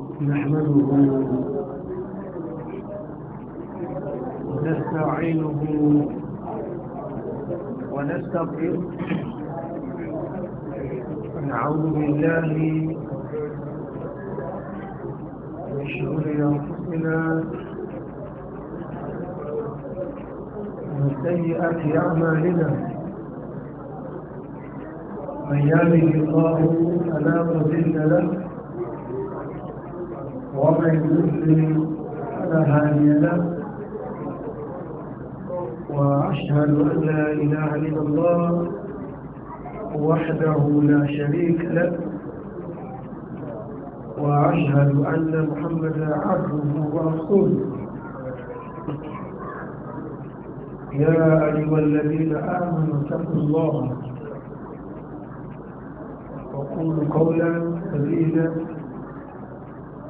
نحمده ونستعينه ونستغفره ونعوذ بالله من شرور انفسنا ومن سيئات اعمالنا من يهده الله فلا مضل له ومن يضلل فلا هادي له وأشهد أن لا إله إلا الله وحده لا شريك له وأشهد أن محمدا عبده ورسوله يا أيها الذين آمنوا اتقوا الله وقولوا قولا سديدا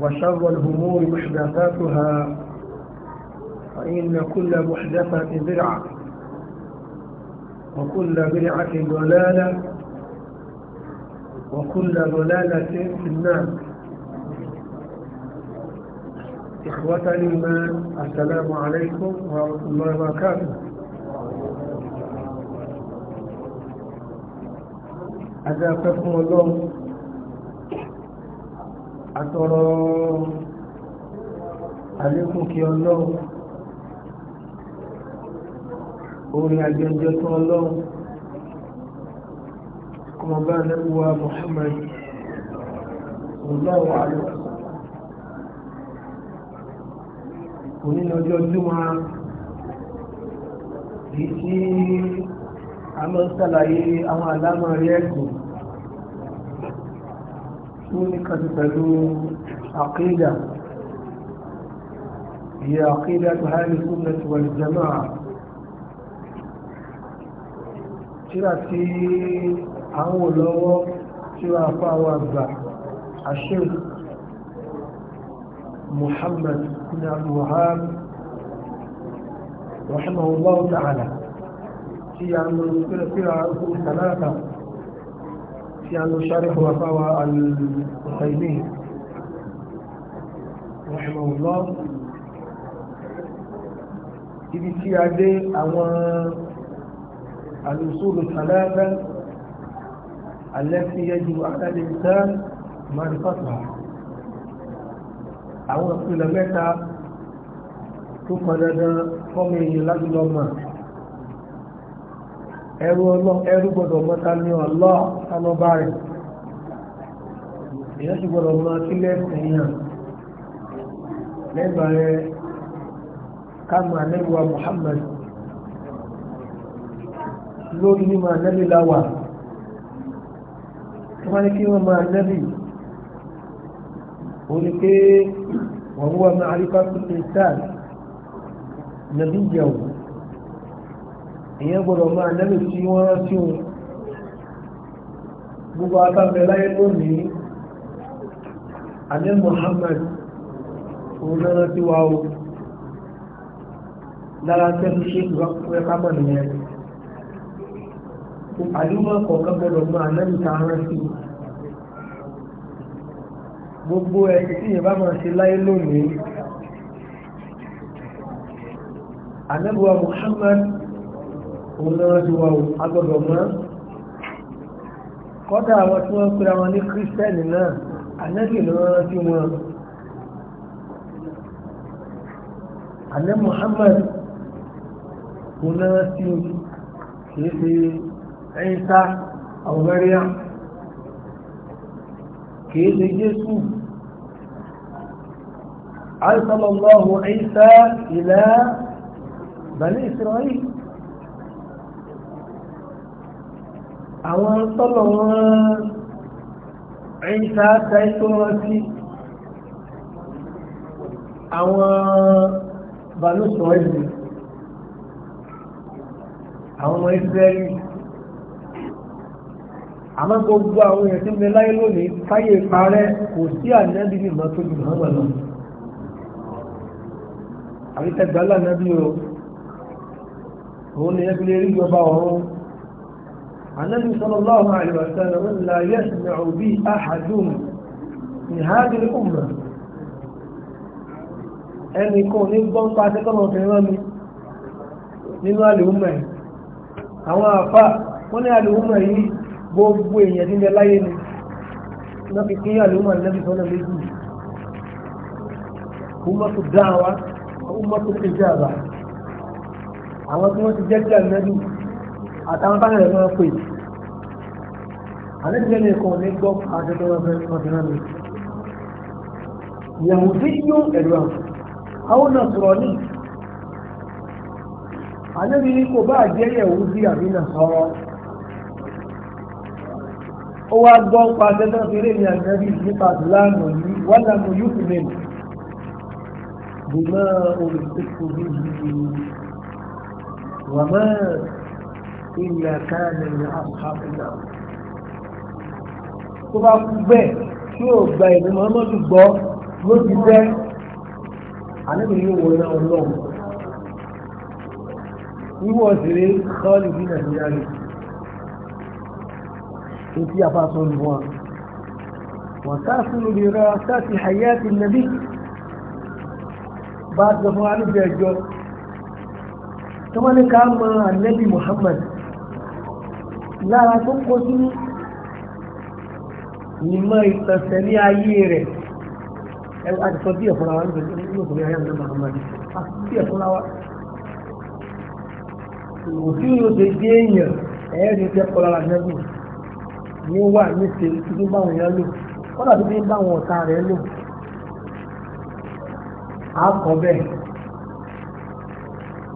وشر الهمور محدثاتها فإن كل محدثة برعة وكل برعة ضلالة وكل ضلالة في النار إخوة الإيمان السلام عليكم ورحمة الله وبركاته أجابكم الله àtọrọ àlékún kí ọlọ́run orin àjẹjẹ tó ọlọ́run kọmọ bá lẹ́wọ́ Muhammad ọlọ́run àlọ́ òní lọ́jọ́ júmọ́ èyí tí a mọ́ sàlàyé àwọn àlámọ̀ rí ẹ̀kùn هناك تتدور عقيدة هي عقيدة هذه السنة والجماعة تراتي أولو تراتي أولو الشيخ محمد بن عبد الوهاب رحمه الله تعالى في عمل سنة ثلاثة tí a lọ sáré fún afáwa alùsàìmí rahimahullah ibi tí a dé àwọn alùsùlù tàlẹ́fẹ́ alẹ́fí yẹjú alẹ́lẹ́sẹ́ marifata àwọn ìpìlẹ̀ mẹ́ta tó pọ̀ dandan fọ́mìnì lágbìlọ́mọ̀ ẹrú ọlọ ẹrú gbọ́dọ̀ mọta ní ọlọ sanọba rẹ èèyàn sì gbọ́dọ̀ mọ sílẹ̀ sẹ́yìn lẹgbàá rẹ kámọ anẹwà Muhammad lórí mímọ anẹbí láwà tó bá ní kí wọn mọ anẹbí ó ní pé wọn wọ mọ àríkà tó ṣe nàbí jẹun èèyàn gbọ́dọ̀ máa nẹ́bì tí wọ́n rántí òun gbogbo atáfẹ́ láyé lónìí alẹ́ Muhammad òun lọ́nà tí wà ó lára tẹ́lú ṣe ìwákúrẹ́ kábọ̀ nìyẹn àdúgbò kọ̀ọ̀kan gbọ́dọ̀ máa nẹ́bì tá a rántí gbogbo ẹ̀sì tí yẹn bá máa ṣe láyé lónìí Ànábì wa Muhammad òun náà ti wà agbọ́dọ̀ mọ́ kọ́dà àwọn tí wọ́n pera wọn ní kírísítẹ́nì náà ànẹ́bì ló rántí wọn ànẹ́ Muhammad òun náà ti kìí ṣe ẹyin sá àwọn kìí ṣe Jésù arsalallahu Isa ila Bani Israil àwọn tọ́lọ̀ wọn ẹ̀yìnṣà tẹ́tọ́ wọn sí àwọn balùsọ̀ ẹ̀lú àwọn ọmọ ìsírẹ́lì àmọ́ gbogbo àwọn èèyàn tí ń bẹ láyé lónìí káyè parẹ́ kò sí ànábì nìmọ̀ tó ju mọ́mọ́ lọ àríkẹ́gbẹ́ alánàbí o òun ni ẹgbẹ́ rí ìjọba ọ̀run النبي صلى الله عليه وسلم لا يسمع بي أحد من هذه الأمة أن يكون يبقى قاعدة الله في إمامي nínú àlèhúnmọ̀ yìí àwọn àfà wọ́n ní àlèhúnmọ̀ yìí gbogbo èèyàn nílẹ̀ láyé ni wọ́n fi pín àlèhúnmọ̀ nílẹ̀ sọ́nà méjì ummatu da'wa ummatu ijaba àwọn tí wọ́n ti jẹ́ kí àlèhúnmọ̀ àtàwọn bá rẹ̀ máa pè é àlẹ́gbẹ̀ẹ́ nìkan ní gbọ́ àjọdọ́wọ́ bẹ́ẹ̀ ọdún mi yahudi yóò ẹ̀rọ àwọn nàṣọ̀rọ̀ ní àlẹ́bí ní kò bá jẹ́ yahudi àbí nàṣọ̀rọ̀ ó wá gbọ́ pa àjọdọ́ fèrè ní àjọdí nípa ìlànà yìí wọ́n lànà yóò fi mẹ́nu bùnà olùsèkùn yìí wàmẹ́ إلا كان من أصحاب النار tó bá kú bẹ́ẹ̀ tí yóò gba ìlú muhammadu gbọ́ ló ti fẹ́ àníbi yóò wọ iná ọlọ́run wíwọ òsèré kọ́ọ̀lì bí nàìjíríà rẹ̀ tó tí a bá sọ ní wọn wọ́n sáàsùn lè ra sáàsì hayati nàbí bá jọ fún alùbẹ̀ ẹjọ́ tó ní ká mọ ànábì muhammad lára tó kó sínú ìmọ̀ ìtànṣẹ́ ní ayé rẹ̀ àtìsọ díẹ̀ fúnra wa nínú ìkùnrin ayé àmì Muhammadu àti díẹ̀ fúnra wa òfin yóò ṣe dé èèyàn ẹ̀yẹ́ ti tẹ́ kọ́ lára nẹ́bù ní wà ní ṣe títí báwọn èèyàn lò kọ́dà tó fi ń báwọn ọ̀tá rẹ̀ lò á kọ́ bẹ́ẹ̀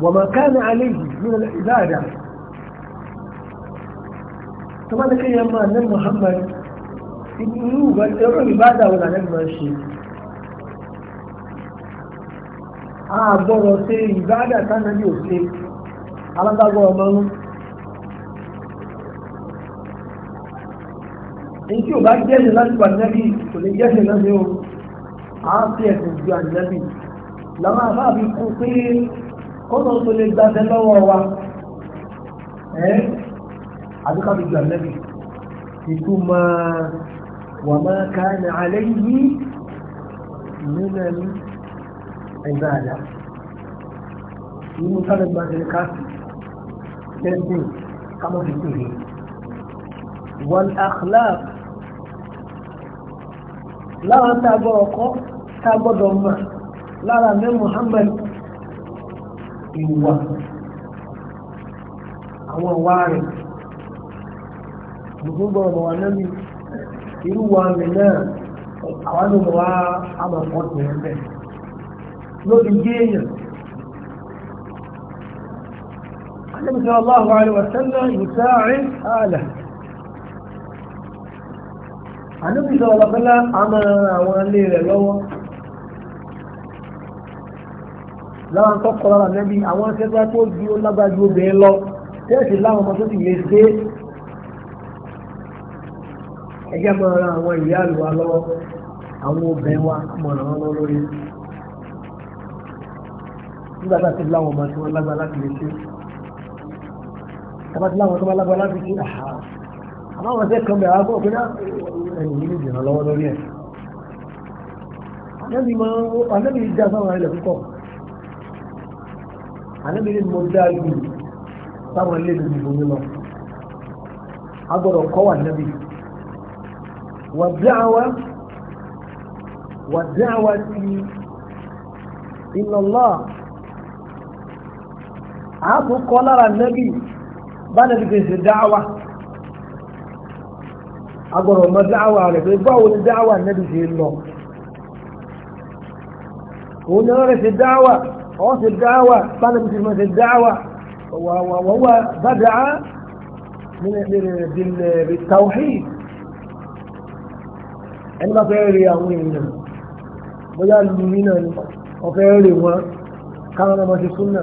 wọ̀mọ̀ káàmì alẹ́ yìí nínú ìdáàdà tó bá ní kéèyàn máa ní Muhammadu irú ìgbàlódé ìbáàdà wo làlẹ́ máa ń ṣe àgbọ̀rọ̀ ṣe ìbáàdà tánàbí ò ṣe alágbàgbọ́ ọmọ ń èyí tí ò bá jẹ́sẹ̀ láti wà nẹ́bí kò lè jẹ́sẹ̀ náà ní o á fi ẹ̀sìn ju ànẹ́bí làwọn afáàfi kú pé kọ́nà tó lè gbàtẹ́ lọ́wọ́ wa ẹ́ àdúgbò ju ànẹ́bí ìtumọ̀. وما كان عليه من العبادة يمثل ما ذكرت تنزيل كما في الدين والأخلاق lára tá a gbọ́dọ̀ kọ́ tá a gbọ́dọ̀ mọ̀ lára ní Muhammad ìwà àwọn ìwà rẹ̀ gbogbo gbọ́dọ̀ wà lẹ́nu irú wa mi náà àwọn ló mọ̀ wá àmọ̀ ń bẹ̀. lórí géèyàn النبي صلى الله عليه وسلم يساعد آله النبي صلى الله عليه وسلم أما وأني لله láwọn tọ́kọ̀ lára nẹ́bí àwọn ṣẹ́gbẹ́ tó di ó lágbájú obìnrin lọ tẹ́ẹ̀sì láwọn ọmọ tó ti lè ṣe ẹjẹ́ máa ra àwọn ìyá àlùwà lọ́wọ́ àwọn obìnrin wa mọ̀ ràn wọ́n lọ lórí nígbà tá a ti láwọn ọmọ tí wọ́n lágbára láti lè ṣe tàbá ti láwọn tó bá lágbára láti ṣe àhà àmọ́ àwọn ẹsẹ̀ kan bẹ̀rẹ̀ àwọn ọkùnrin náà ẹ̀yìn yìí nìyí ràn lọ́wọ́ lórí ẹ̀ anábì máa ń wọ anábì dá sáwọn ilẹ̀ púpọ̀ anábì ni mo dá ju sáwọn ilé mi nìbọn lọ agbọ́dọ̀ kọ́ wà nábì Wa والدعوة إلى الله عبد قال النبي báyìí ti fèsì dáwà agbọ̀rọ̀ mọ dáwà rẹ̀ pé báwo ni dáwà nẹ́bi ṣe lọ òun ni ọ̀rẹ́ ṣe dáwà ọ̀ ṣe dáwà báyìí ti ẹni bá fẹ́ rí àwọn èèyàn bóyá lùmí náà ni ọ̀fẹ́ rí wọn káwọn ọmọ ti súnà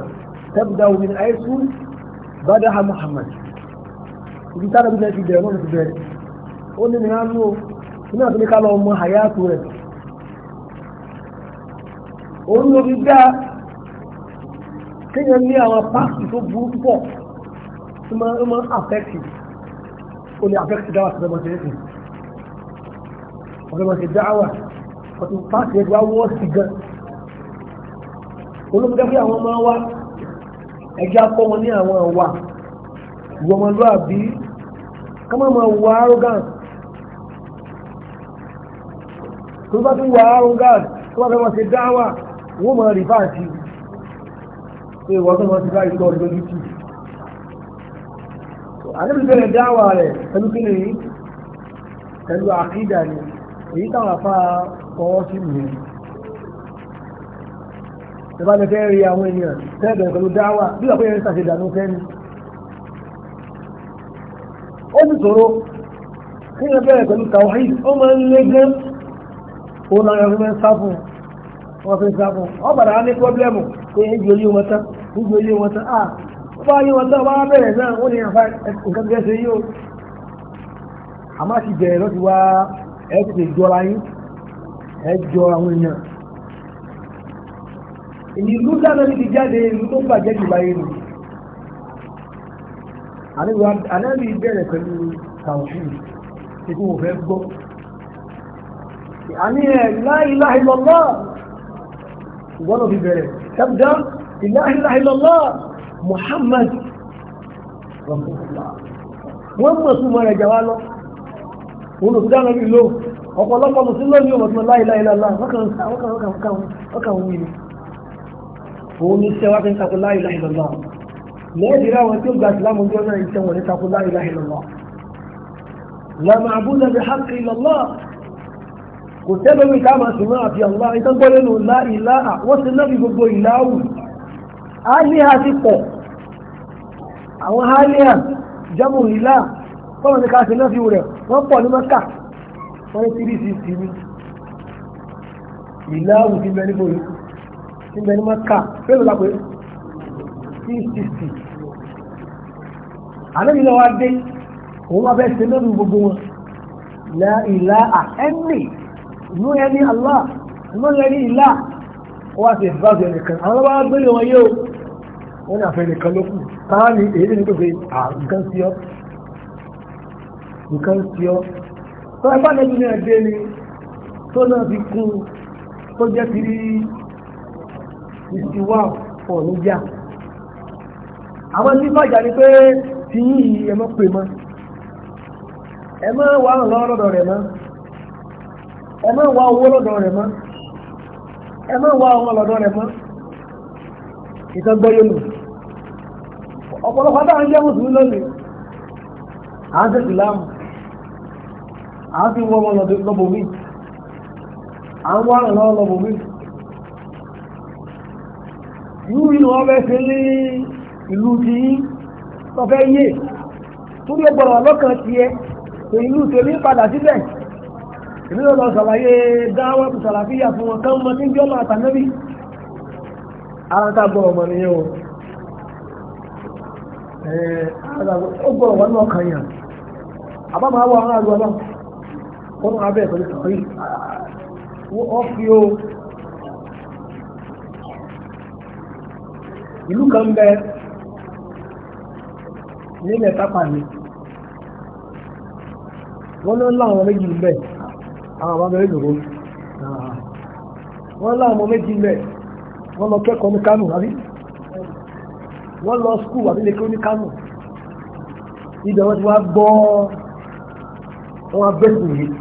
tẹ́bùdá omi àìsù bádáhà Muhammad ibi tára bí ti bẹ̀rẹ̀ lọ́nà ti bẹ̀rẹ̀ ó ní ní ránú o nínú àti ní ká lọ mọ àyàtò rẹ̀ òun ló fi dá kéèyàn ní àwọn páàkì tó burú púpọ̀ tó máa ń àfẹ́kì ó ní àfẹ́kì dáwà sí ọmọ tẹ̀lé tẹ̀lé ọ̀dọ́mọ̀ sí dáwà ọdún pàṣẹ ẹgbẹ́ wọ́ sí gan olóńgbé fún àwọn ọmọ wa ẹjẹ́ akọ́ wọn ní àwọn àwa ìwọmọlúàbí ká má máa wọ arrogant tó bá tún wọ arrogant tó bá fẹ́ máa ṣe dáwà wọ́n máa rí fáàtì pé ìwọ tó ti bá ìtọ́ ọdún lójú tì àdébìbẹ̀rẹ̀ dáwà rẹ̀ pẹ̀lú kí ni pẹ̀lú ni èyí táwọn afá fọwọ́ sí nìyẹn ìbá lè fẹ́ rí àwọn ènìyàn fẹ́ bẹ̀rẹ̀ pẹ̀lú dáwà bí fẹ́ ni ó sì kí pẹ̀lú ó máa ń lé òun náà yẹn ń sá fún wọn ọ bàrà á ní pọ́blẹ́mù pé ń ju oyé wọn tán ń ju oyé wọn tán à ó bá yé wọn tán wọn á bẹ̀rẹ̀ náà wọ́n ẹ ti jọra yín ẹ jọ àwọn èèyàn èyí ìlú dáná ní ti jáde ìlú tó bàjẹ́ jù láyé ni ànábì bẹ̀rẹ̀ pẹ̀lú tàwùsùn tí kò fẹ́ gbọ́ àní ẹ̀ láìláìlọ́lá ìwọ́n náà fi bẹ̀rẹ̀ tẹ́bùdá ìláìláìlọ́lá Muhammad wọ́n mọ̀ súnmọ́ rẹ̀ jà wá lọ òun ló dáná bí lóhùn ọ̀pọ̀lọpọ̀ mùsùlùmí ní ọmọ tí wọ́n láìláì lọ́la ọkàn òun ni òun ní sẹ́wà tí ń takò láìláì lọ́la lẹ́yìn ìráwọn tí ó gba ìsìlámù ọjọ́ náà ìṣẹ́ wọn ní takò láìláì lọ́la lọ́mọ àbúlé bí hákì lọ́la kò tẹ́lẹ̀ mi ká máa sùnmọ́ àfi ọ̀la ìtàn gbọ́lé nù lá ìlà wọ́n ti náà bí gbogbo ìlàwù áníhà ti pọ̀ àwọn áníhà jámù ìlà tọ́wọ́n ti ká sí náà rẹ̀ wọ́n pọ̀ ní mọ́kà wọ́n ní three sixty ní ìlàwù ti bẹ níbo yìí ti bẹ ní mọ́kà fẹ́ẹ́ lọ́la pé three sixty àlejò náà wá dé òun wá bẹ́ẹ̀ ṣe lọ́dún gbogbo wọn la ilaha ẹni inú ẹni Allah inú ẹni ìlà wọ́n á ti ìfúráṣẹ ẹnìkan àwọn ọlọ́wọ́ gbélé wọn yé o wọ́n ní àfẹ́ ẹnìkan ló kù táwọn ní èyí ní gbogbo àgbẹ̀ǹsíọ́. nǹkan sí ọ tó ẹgbẹ́ àlejò náà dé ni tó náà fi kún tó jẹ́ ti rí àwọn tí fàjà ni pé ti yí yìí ẹ mọ́ pè mọ́ ẹ mọ́ wà ọ̀rọ̀ lọ́dọ̀ rẹ̀ ẹ mọ́ wà owó ẹ wà ọmọ ìtàn lò ọ̀pọ̀lọpọ̀ àtàwọn jẹ́ mùsùlùmí lónìí à ń à ń fi wọ́n wọn lọ́bọ̀ mí à ń wárùn lọ́wọ́ lọ́bọ̀ mí ìlú ìlú wọn fẹ́ ṣe ní ìlú ti yín tó fẹ́ yé torí ó gbọ́dọ̀ lọ́kàn tiẹ̀ pé ìlú tèmi padà síbẹ̀ èmi ló lọ sàlàyé dáwọ́ sàlàfíà fún wọn kán mọ tí ń jọ́ máa tànẹ́bí ara ta gbọ́dọ̀ mọ̀ nìyẹn o ó gbọ́dọ̀ wọn náà kàn yàn àbá máa wọ àwọn àlùwà náà ọ̀rọ̀ abẹ́ ìpẹ̀lú sọ̀rọ̀ yìí wọ́n fi ó ìlú kan bẹ nílẹ̀ tápà ni wọ́n lọ láwọn méjì bẹ̀ àwọn àbábẹ́rẹ́ lòró wọ́n láwọn ọmọ méjì bẹ̀ wọ́n lọ kẹ́kọ̀ọ́ ní Kánò àbí wọ́n lọ skul àbí lè kí ó ní Kánò ibẹ̀ wọ́n ti wá gbọ́ wọ́n abẹ́sùn yìí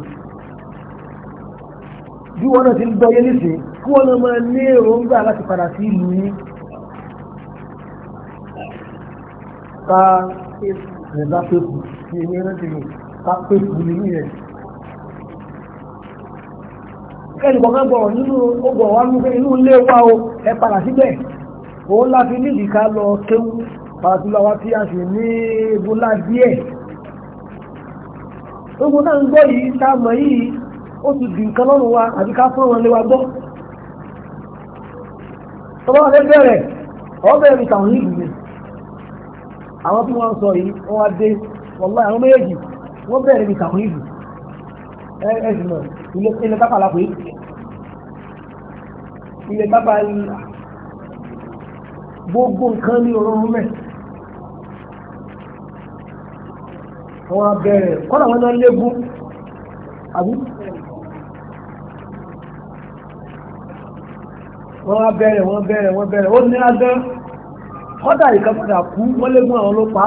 bí wọ́n náà ti ń gbọ́ yé nísìn kí wọ́n náà máa ní èròǹgbà láti padà sí ìlú yín ká ẹ̀dá pépù sí ẹni ẹran ti lò ká pépù nínú yẹn kẹ́lì kọ̀ọ̀kan bọ̀rọ̀ nínú ogbọ̀ wa ń gbé inú ilé wa o ẹ padà síbẹ̀ òun láfi nílì ká lọ kéwú pàtàkìláwá tí a sì ní ebúlá díẹ̀ ogun náà ń gbọ́ yìí tá a mọ̀ yìí ó ti di nǹkan lọ́rùn wa àbí ká fún wọn lé wa gbọ́ tọ́lá wọn lè bẹ̀rẹ̀ ọ̀bẹ̀ mi tàwọn yìí nìyẹn àwọn tí wọ́n sọ yìí wọ́n wá dé wọ́n àwọn méjèèjì wọ́n bẹ̀rẹ̀ mi tàwọn yìí ẹ ẹ sì mọ̀ ilé ilé pápá la pè é ilé pápá yìí gbogbo nǹkan ní ọlọ́run mẹ́ wọ́n bẹ̀rẹ̀ kọ́nà wọn náà lé gún wọ́n á bẹ̀rẹ̀ wọ́n bẹ̀rẹ̀ wọ́n bẹ̀rẹ̀ ó ní adán kọ́dà ìkàpadà kú wọ́n lé mú àwọn ló pa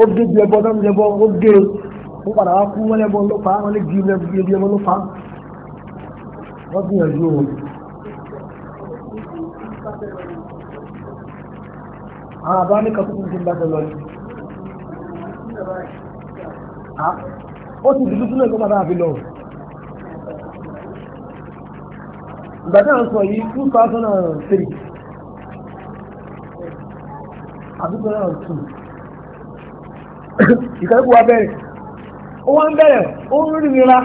ó gé ju ẹbọ náà lẹbọ ó gé ó padà wá kú wọ́n lẹ́bọ ló pa wọ́n lé ju ẹbọ ló pa wọ́n gbìyànjú o. àwọn àbá ní kakú tuntun bá fẹ́ lọ ní. ó ti dúdú sílẹ̀ kó padà àfi lọ. gbàdá ń sọ yìí two thousand and ìkẹ́kọ̀ọ́ wa bẹ̀rẹ̀ bẹ̀rẹ̀ ó rí nira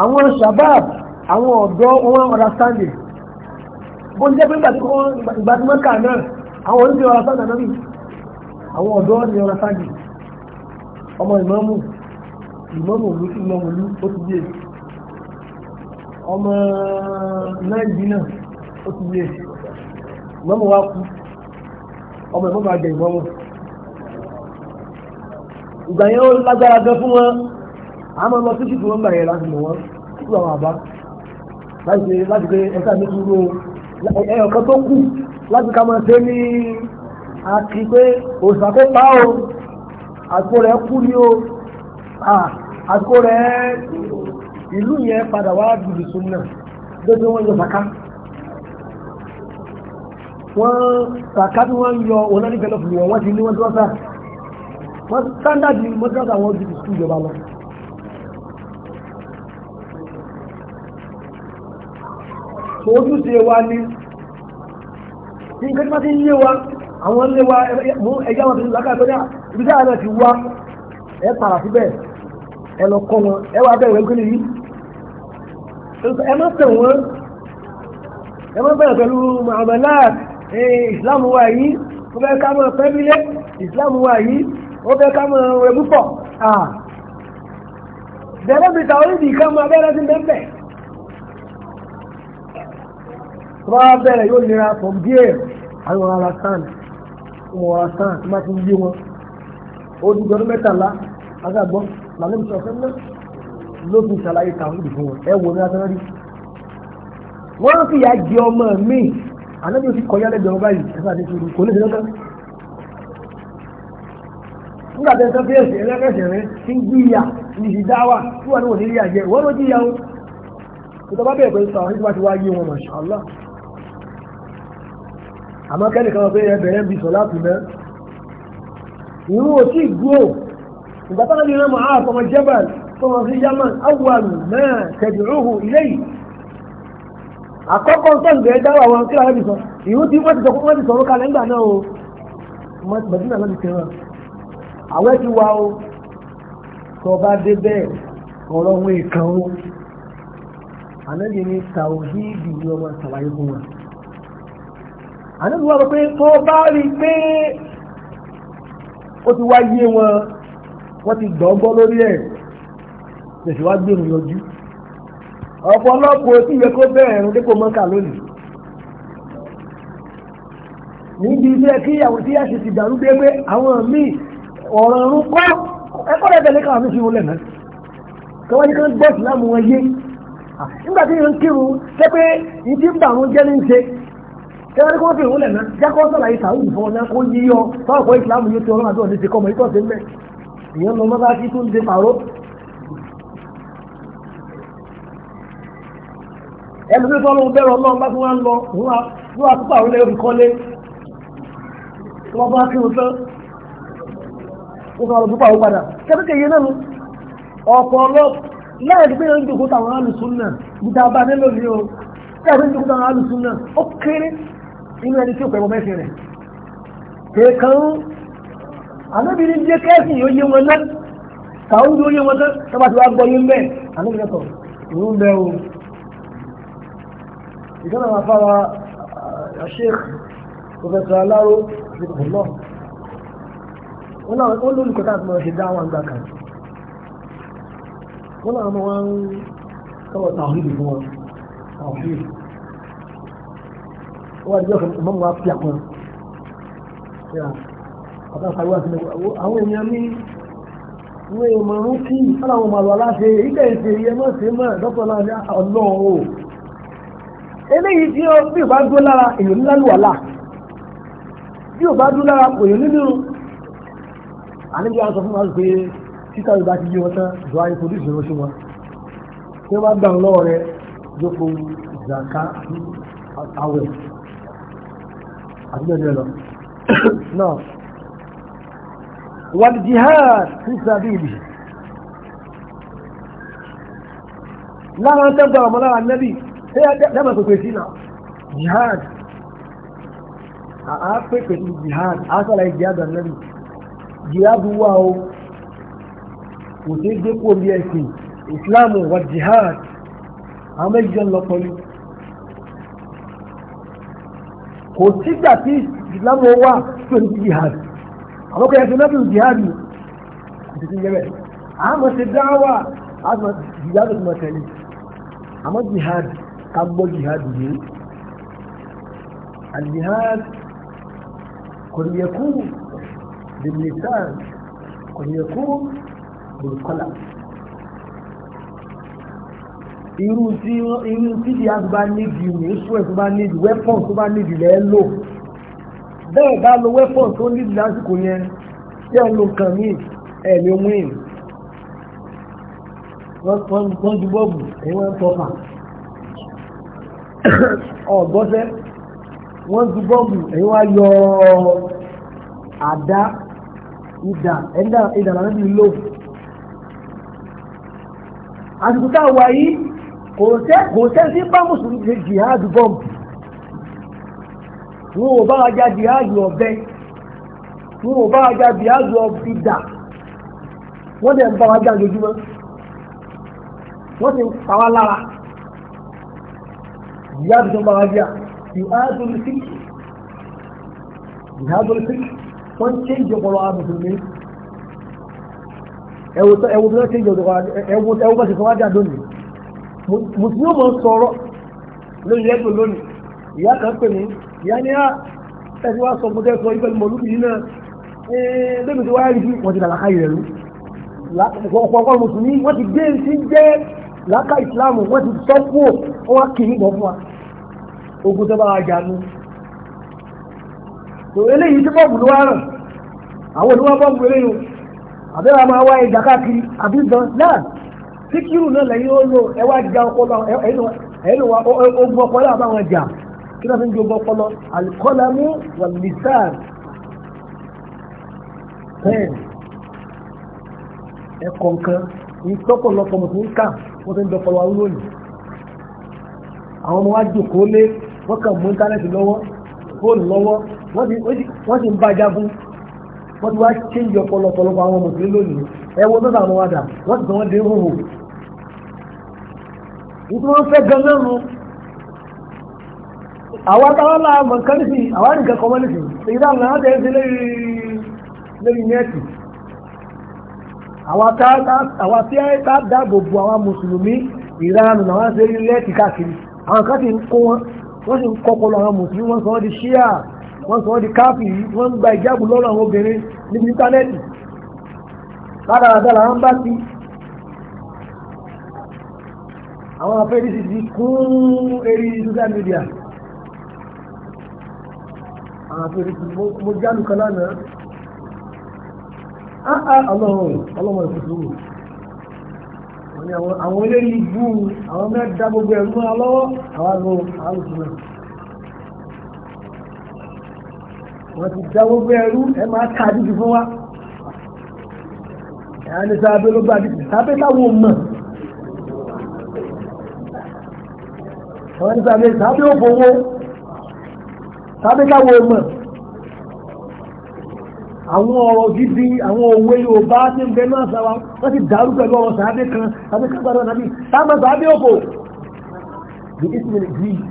àwọn shabab àwọn ọ̀dọ́ wọn understanding bó ń jẹ́ pé kà náà àwọn oníṣẹ́ àwọn ọ̀dọ́ ni understanding ọmọ ìmọ̀ọ́mù ìmọ̀ọ́mù òlú ìmọ̀ọ́mù òlú ọmọ náìjí náà ó ti yé mọ́mọ́ wa kú ọmọ ìmọ̀mọ́ àjẹ ìmọ̀mọ́ ìgbà yẹn ó lágbára gan fún wọn àmọ́ lọ sí ṣùgbọ́n gbà yẹn láti mọ̀ wọ́n kú àwọn àbá láti pé láti pé ẹ̀ka mi ti rú ẹyọ kan tó kù láti ká máa ṣe ní àti pé òṣàkópa o àtúkò rẹ̀ kú ni o àtúkò rẹ̀ ìlú yẹn padà wá dùdù sún náà gbogbo wọn yọ saka wọn saka bí wọn yọ wọn náà nífẹ̀ẹ́ lọ́fù wọn wọ́n ti ní wọn tọ́sà wọn sándàdì mọ́tọ́sà wọn dùdù sún ìjọba lọ. ojúṣe wa ni nǹkan ti yé wa àwọn ilé wa mú ẹja wọn lákàtà tó ní ibi tí àwọn ti wá ẹ pàrà síbẹ̀ ẹ lọ kọ́ wọn ẹ má tẹ̀ wọ́n ẹ má bẹ̀rẹ̀ pẹ̀lú muamalat ìsìláàmù wa yìí ó fẹ́ ká máa fẹ́ bílẹ̀ ìsìláàmù wa yìí ó fẹ́ ká máa rẹ púpọ̀ bẹ̀rẹ̀ bí tàwọn ìdí kan máa bẹ̀rẹ̀ sí bẹ́ẹ̀ tọ́ba bẹ̀rẹ̀ yóò nira from there àwọn ará sàn ọmọ ará sàn tó ti ń yé wọn ó dúdú mẹ́tàlá agbàgbọ́ làlẹ́ mi sọ fẹ́ náà ló fi ṣàlàyé tàwíìdì fún wọn ẹ wò ní asọ́nà rí wọ́n fi ìyá jẹ ọmọ mi ànábi òfin kọjá lẹ́gbẹ̀ẹ́ ọba yìí ẹ̀fọ́ àti ìṣòro kò ní ṣe lọ́kàn nígbà tẹ́ sọ fí ẹ̀sẹ̀ ẹlẹ́kẹ̀sẹ̀ rẹ ti ń gbé ìyà ní ti dá wà tí wà ní wò ní ilé àjẹ wọ́n ló jí ìyá o ìtọ́ba bẹ̀rẹ̀ pẹ̀lú sọ àwọn ìtura ti wá yé wọn Masha Allah àmọ́ kẹ́nìkan wọ́n pé ẹ bẹ̀rẹ̀ ń bi sọ láti mẹ́ ìrún òtí ìgbó ìgbà táwọn tọ́wọ́n sí german awàlù náà tẹ̀dùrúhù ilé yìí àkọ́kọ́ tọ́ǹgẹ̀ dáwọ́ àwọn kíláà láti sọ ìwú tí wọ́n ti sọ wọ́n ti sọ̀rọ̀ kalẹ̀ ńgbà náà o mọ̀tìmọ̀tìmọ̀ láti tẹ̀ wọn àwẹ́ ti wá o tó bá dé bẹ́ẹ̀ ọ̀rọ̀ ohun ìkan o ànábì ni tàwíìdì ni ọmọ ṣàlàyé fún wọn ànábì wá pé tó bá rí i pé ó ti wá yé wọn wọ́n ti gbọ́ gbọ́ lórí ẹ̀ lèṣù wá gbèrú yọjú ọ̀pọ̀lọpọ̀ tí yẹ kó bẹ̀rẹ̀ ẹ̀rùn dípò mọ́kà lónìí níbi ilé kí àwọn tí yàtì ti dàrú gbégbé àwọn míì ọ̀rọ̀ ọ̀run kọ́ ẹ̀kọ́ rẹ̀ tẹ̀lé káwọn fi wọlé náà kí wọ́n ní kán gbọ́ ìsìlámù wọn yé nígbà tí yẹn ń kírun ṣé pé ìdí ń bà wọn jẹ́ ní ṣe ṣé wọ́n ní kí wọ́n fi wọlé náà jákọ́ sọ̀rọ̀ ayé sàrú ìfọ̀ náà kó yí ọ fáwọn ìsìlámù yé ti ọlọ́run àti ọ̀dẹ́ ti kọ́ mọ̀ ikọ̀ sí ń bẹ̀ ìyẹn lọ mọ́ bá kí tó ń de pàró ẹni tó tọ́lọ́ bẹ̀rù ọlọ́run bá tún wá ń lọ wọ́n á púpà wọlé olùkọ́lé tó bá bá kí wọn tán wọ́n tún wá lọ púpà wọ́n padà kẹ́kẹ́ yẹn náà ọ̀pọ̀ ọlọ́ láàrín pé ń dòkó táwọn alùsùn náà gbígbà bá nílò ní o láàrín dòkó táwọn alùsùn náà ó kéré inú ẹni tí ó pẹ̀lú mẹ́sìn rẹ̀ kẹ̀kan anábìrin jẹ́ kẹ́sìn yóò yé wọn náà kàún yóò yé wọn náà tọ́ba ti wá gbọ́ yín bẹ́ẹ̀ ìkànnà máa fáwa Sheikh Professor Alaro ìfọ̀lọ́ wọn náà ó lórí kọta àti mọ̀ọ́ṣe dá wọn gbà kan wọn náà mọ wọn kọwọ tàwíìlì fún wọn tàwíìlì wọn àdìjọ kan mọ́mú wa fi àpọn ọ̀tá sáré wá sílẹ̀ àwọn èèyàn ní ìwé ìmọ̀ràn kí aláwọn màlúwa láṣẹ ìkẹyìn ṣe iye mọ̀ sí mọ̀ dọ́kítọ̀ náà ní ọlọ́run o. eléyìí tí ó bí ò bá dúró lára èèyàn nílálùwàlà bí ò bá dúró lára èèyàn nínú àníbi àwọn sọ fún wa pé títà yóò bá ti yí wọn tán ju ayé fojú ìṣòro wọn tí wọn bá gbà ń lọ́wọ́ rẹ jókòó zaka àwẹ̀ àti lọ náà jihad lára ọmọ lára lẹ́mọ̀ pèpè sí náà jihad àá pèpè sí jihad á sọ̀rọ̀ jihad ànábì jihad wà ó kò sí gbé kó bí ẹ̀sìn islam wa jihad àwọn méjì jọ ń lọ pẹ̀lú kò sígbà tí islam wà pẹ̀lú jihad àwọn kò yẹ kí nábì jihad yìí kò sí sí yẹ bẹ́ẹ̀ àmọ̀ ṣe dáwà àmọ̀ jihad tó mọ̀ tẹ̀lé àmọ̀ jihad ká gbọ́ jihad yìí al-jihad kò ní yẹ kú bil-lisan kò ní yẹ kú bil-qalam irú tí irú tí jihad bá nídìí ní instrument tó bá nídìí weapon tó bá nídìí lẹ́ẹ̀ lò bẹ́ẹ̀ bá lo weapon tó nídìí lásìkò yẹn tí ẹ̀ ń lo nǹkan míì ẹ̀ lè win wọ́n ju bọ́ọ̀bù ẹ̀yìn tọ́ka ọ̀gbọ́sẹ́ wọ́n ju bọ́ọ̀bù ẹ̀yin wá yọ àdá ìdà ẹ̀dá ìdà náà níbi lò. àsìkò tá a wà yìí kò sẹ́ kò sẹ́ sí bá mùsùlùmí ṣe jìhádù bọ́ọ̀bù wọn ò bá wa já jìhádù ọ̀bẹ wọn ò bá wa já jìhádù ìdà wọ́n dẹ̀ ń bá wa já lójúmọ́ wọ́n ti pa wá lára jihad tó ń bá wa jà jihadul fiqh jihadul fiqh wọ́n ń change ọpọlọ àwọn mùsùlùmí ẹwù tó ẹwù tó ń change ọpọlọ ẹwù ẹwù bá ṣe fún wa jà lónìí mùsùlùmí ò mọ̀ sọ̀rọ̀ lónìí ẹgbẹ́ lónìí ìyá kan pè mí ìyá ni á ẹni wá sọ mọ́tẹ́ sọ ibẹ̀ mọ̀lúkì yìí náà ẹ̀ẹ́dẹ́gbẹ̀sẹ̀ wáyé rí wọ́n ti dàlàkà yẹ̀rù ọ̀pọ̀ ọ̀pọ̀ mùsùlùmí wọ́n ti gbé ń ti jẹ́ láká ìsìláàmù wọ́n ti tọ́ kúrò wọ́n kì í bọ̀ fún wa ogun tó bá wa jà nù. tó eléyìí tí bọ́ọ̀bù ló wá ràn àwọn olúwa bọ́ọ̀bù eléyìí o àbí wàá máa wá ìjà káàkiri àbí gan náà síkírù náà lẹ́yìn ó lò ẹ wá ja ọpọlọ ẹ̀yìn wa ogun ọpọlọ àbáwọn jà kí náà fi ń di ogun ọpọlọ alikọ́lámù wàlísàn pẹ́ẹ́n ẹ̀kọ́ nǹkan ní tọ́pọ̀lọpọ̀ mọ̀ tó ń kà wọ́n ti ń dọ̀pọ̀ wa lónìí àwọn ọmọ wa jòkóó lé wọ́n kàn mú íńtánẹ́ẹ̀tì lọ́wọ́ fóònù lọ́wọ́ wọ́n sì ń bá jagun wọ́n ti wá change ọpọlọ ọpọlọpọ àwọn mùsùlùmí lónìí ẹwọ tó sàmù wàdà wọ́n ti sọ wọ́n dé hòhò nítorí wọ́n fẹ́ gan náà nu àwọn atáwọn làwọn mọ̀nkánìsì àwọn àrìnkẹ́kọ̀ọ́ mọ́nìsì èyí dáhùn náà á tẹ̀ ẹ́ sí lórí lórí nẹ́ẹ̀tì àwa tí a dáàbò bo àwọn mùsùlùmí ìranù làwọn ṣe rí lẹ́ẹ̀kì káàkiri àwọn kan ti ń kó wọn wọ́n sì ń kọ́kọ́lọ́ àwọn mùsùlùmí wọ́n sọ wọ́n di ṣíà wọ́n sọ wọ́n di káàpì wọ́n ń gba ìjáàbù lọ́rọ̀ àwọn obìnrin níbi íńtánẹ́ẹ̀tì ládàradà làwọn bá ti àwọn mo jánu kan Ah, ah, ọlọ́run ọlọ́mọ ìfòsòwò wọ́n ni àwọn eléyìí bú àwọn mẹ́ta gbogbo ẹ̀rú máa lọ́wọ́ àwọn àlọ́ àlùsùn náà wọ́n ti dá gbogbo ẹ̀rú ẹ máa ká àdìsí fún wa ẹ̀yà ní sábẹ́ ló gbà àdìsí sábẹ́ táwọn mọ̀ àwọn ní sábẹ́ sábẹ́ òfowó sábẹ́ táwọn mọ̀. àwọn ọ̀rọ̀ gidi àwọn òwe Yorùbá tí ń bẹ náà wọ́n ti dàrú pẹ̀lú ọ̀rọ̀ sàábé kan kan nàbí òkò the eight minute bridge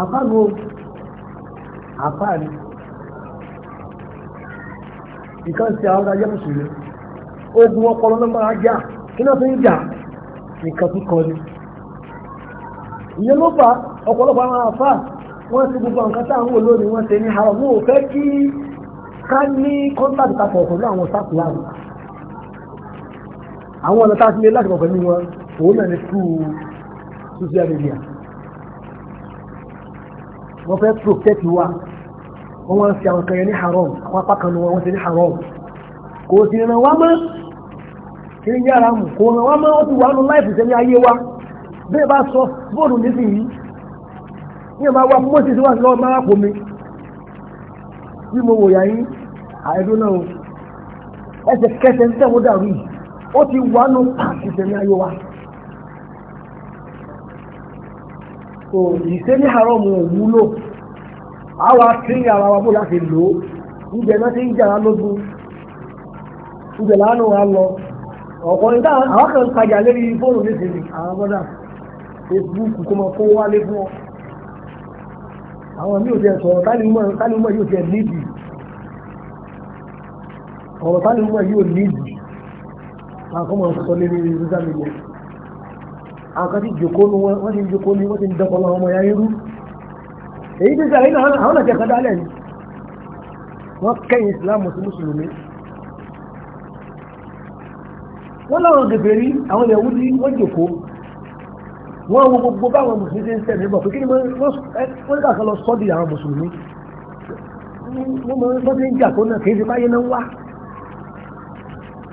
àfáàgò àfáàrí ìkan ṣe àwọn ajá mùsùlùmí ogun ọpọlọ ló máa jà kí náà fi ń jà tó kọ ni ìyẹn ló fà ọ̀pọ̀lọpọ̀ àwọn wọ́n ti gbogbo wò ká ní kọ́ńtàtì papọ̀ pẹ̀lú àwọn sáàpù láàrú àwọn ọ̀nà tá a ti lé láti pọ̀ pẹ̀lú wọn òun náà ní through social media wọ́n fẹ́ protect wa wọ́n wọ́n fi àwọn kan yẹn ní haram àwọn apá kan ní wọ́n wọ́n ti ní haram kò sí ràn wá mọ́ kí ní yára mù kò ràn wá mọ́ ó ti wà nù láìpù sẹ́ni ayé wa bẹ́ẹ̀ bá sọ bóòlù nísìnyí ní ìmọ̀ wa mọ́sí sí wà sí lọ́wọ́ máa pò mi bí mo wò yín I àìdún náà ẹsẹ̀ kẹsẹ̀ ń tẹ̀wọ́ dàrú yìí ó ti wà nù pàṣẹ ìṣẹ̀lẹ̀ ayé wa. so ìṣe ní àárọ̀ mu wúlò àwa tí ara wa bó láti lò ó ìjẹ náà ti ń jà lógún ìjẹ lánàá wa lọ ọ̀pọ̀ nígbà àwọn kan tajà lórí fóònù nísìnyí àwọn bọ́dà facebook kó máa kó wálé fún ọ àwọn mi ò tiẹ̀ sọ̀rọ̀ táni mọ̀ táni mọ̀ yóò tiẹ̀ níbi ọ̀rọ̀ tá lè mú ẹ̀ yóò níbi àwọn ọmọ sọ lé ní rúdà mílíọ̀ àwọn kan ti jòkó nu wọn wọ́n ti ń jòkó ní wọ́n ti ń dọ́kọ̀ lọ́wọ́ ọmọ ya irú èyí ti sàlẹ̀ náà àwọn àti ẹ̀ka dálẹ̀ ni wọ́n kẹ́yìn ìsìlámù sí mùsùlùmí wọ́n láwọn gègèrí àwọn ìyàwó ní wọ́n jòkó wọ́n wo gbogbo báwọn mùsùlùmí ṣe ń tẹ̀lé bọ̀ pé kí ni wọ́n kà sọ lọ sọ́ọ̀dì àwọn mùsùlùmí wọ́n mọ̀ ń sọ́ọ̀dì ń jà tó náà kì í fi káyé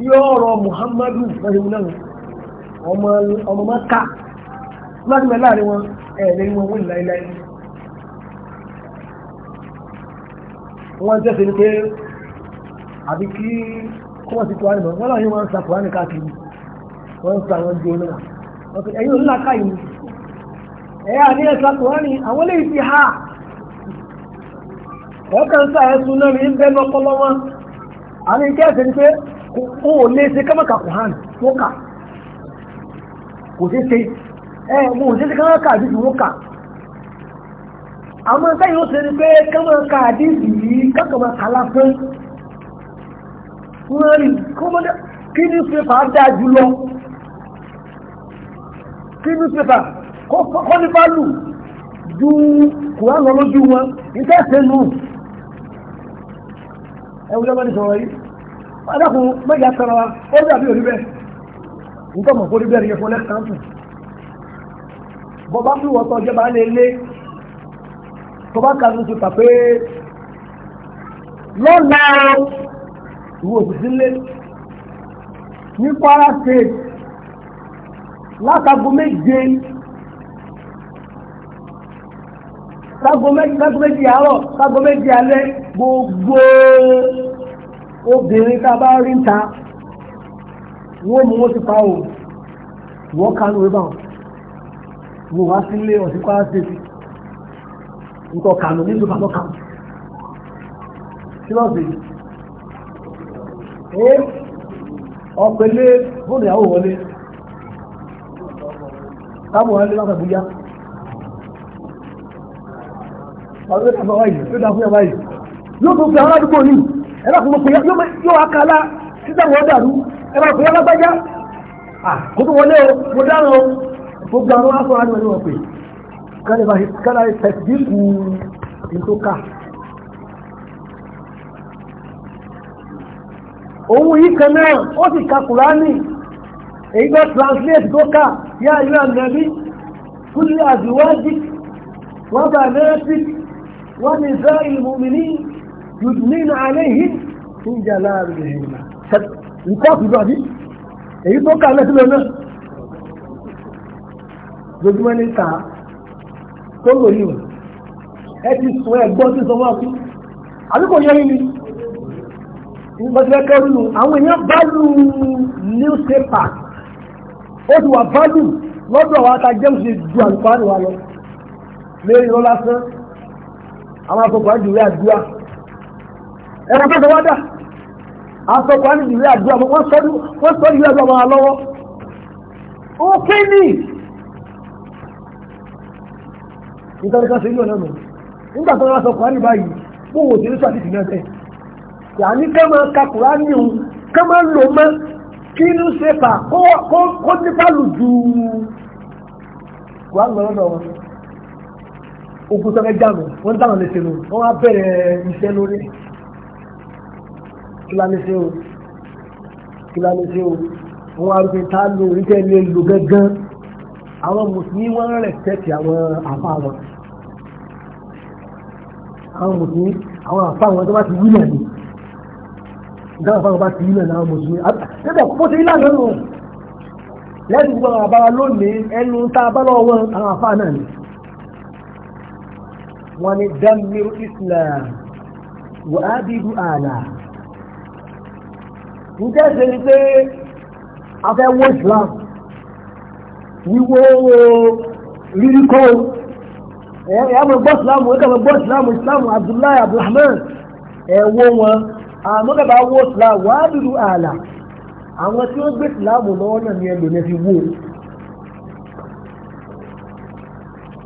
yọrọ muhammadu fẹ́hìn ọmọ maka láti mẹ́ láàrin wọn ẹ̀ẹ́dẹ́ wọn wọ́n láíláí wọ́n tẹ́sẹ̀ ní pé àbí kí kọ́wọ́ sí kùránì mọ́ wọ́n láàrin wọn ń sa kùránì káàkiri wọ́n sa wọn ẹ̀yìn ha ó ò lè ṣe ká má ka Quran tó kà kò ṣe ṣe ẹ mo ò ṣe ṣe ká má ka àdìsí wọn kà àmọ́ sẹ́yìn ó ṣe ni pé ká má ka yìí ká kà má ka rí kọ́mọ́dé kí ní pépà dáa jùlọ kí ní pépà kọ́ ní fálù ju Quran lọ lójú wọn ní tẹ́sẹ̀ nù ẹ wúlọ́ sọ̀rọ̀ yìí adákun mẹ́jà sara wa ó rí àbí òrí bẹ́ẹ̀ nǹkan mọ̀ kórí bẹ́ẹ̀ ni ẹ̀fọ́ lẹ́sàntù bọ́bá fi wọ́tọ̀ jẹba lè lé tọ́ba kan tuntun tà pé lọ́nà ìwò òsìsílé ní Kwara State látago méje látago méje àárọ̀ látago méje alẹ́ gbogbo obìnrin tá a bá rí ta wọ́n mú wọ́n ti pa o wọ́n kánú rẹ̀ báwọn wọ́n wá sílé ọ̀sìn kwara state nǹkan kánú nílùú bàbá kánú kí lọ́ọ̀sì ẹ ọ̀pẹ̀lẹ̀ fóònù ìyàwó wọlé táwọn wọlé lọ́kàn tó yá ọdún tó tàbí wáyé tó dá fún ẹ wáyé yóò tó fi arádùgbò yìí ẹ̀rọ fún mọ̀pẹ̀ yóò wá kálá títà wọ́n dàrú ẹ̀rọ fún yọ́n lágbájá kó tó wọlé o mo dáhùn o gbogbo àwọn aṣọ àdúrà ni wọ́n pè kálí bá kálá tẹ̀síkù ìtókà òun yìí kan náà ó sì ka kùránì èyí tó translate tó kà yá ìlú àmì kúlẹ̀ àdìwájì wọ́n bá mẹ́rẹ́tì wọ́n ní ìsirá ìlú mùmìnì yudnina alayhim fún jàlá rẹ̀ ìkọ́ọ̀tù náà ní èyí tó kà lẹ́sílẹ̀ náà lójúmọ́ ní ká tó lò yìí ẹ ti sùn ẹ̀gbọ́n tí sọ máa kú àbíkò yẹ yìí ni ìgbàgbẹ́ kẹrù nù àwọn èèyàn bálù newspaper ó ti wà bálù lọ́dọ̀ wa ta james ju àlùfáà ni wa lọ lórí lọ́lásán àwọn àtọkọ̀ àjùwé àdúrà ẹ̀rọ tó wá dà aṣọ kan ní ìwé àdúrà wọ́n sọ ìwé àdúrà máa lọ́wọ́ ó ké ní nítorí kan ṣe ilé ọ̀nà nù nígbà tó wọ́n sọ kan ní báyìí mo wò sí ní sàtìtì náà tẹ̀ kí àní ká máa ka Kùránì òun ká máa lò mọ́ kí inú ṣe fà kó nípa lù jù Kùránì lọ́dọ̀ wọn ogun sọ́kẹ́ jáàmù wọ́n dáhùn lè ṣe lò wọ́n á bẹ̀rẹ̀ iṣẹ́ lórí kílánẹ́sẹ́ o kílánẹ́sẹ́ o àwọn arúgbó tá a lò orí tẹ́lẹ̀ lò gángan àwọn mùsùlùmí wọ́n rẹ̀spẹ̀tì àwọn àfa wọn àwọn mùsùlùmí àwọn àfa wọn tó bá ti wílẹ̀ ni ìdáhùn àfa wọn bá ti wílẹ̀ ni àwọn mùsùlùmí tẹ́tẹ̀ kó ṣe ìlànà nù lẹ́yìn gbogbo àwọn àbára lónìí ẹnu tá a bá lọ́wọ́ wọn àwọn àfa náà ni wọ́n ní damiru islam wàá bíbu àlà ǹjẹ́ ṣe ni pé a fẹ́ wó Islam wíwó rírí kọ́ ẹ̀yà mọ̀ gbọ́ Islam ẹ̀kà mọ̀ gbọ́ Islam Islam Abdullahi Abdulrahman ẹ̀wọ́ wọn àmọ́kàbà wó Islam wà á dúdú ààlà àwọn tí ó gbé Islam lọ́wọ́ náà ni ẹlò fi wó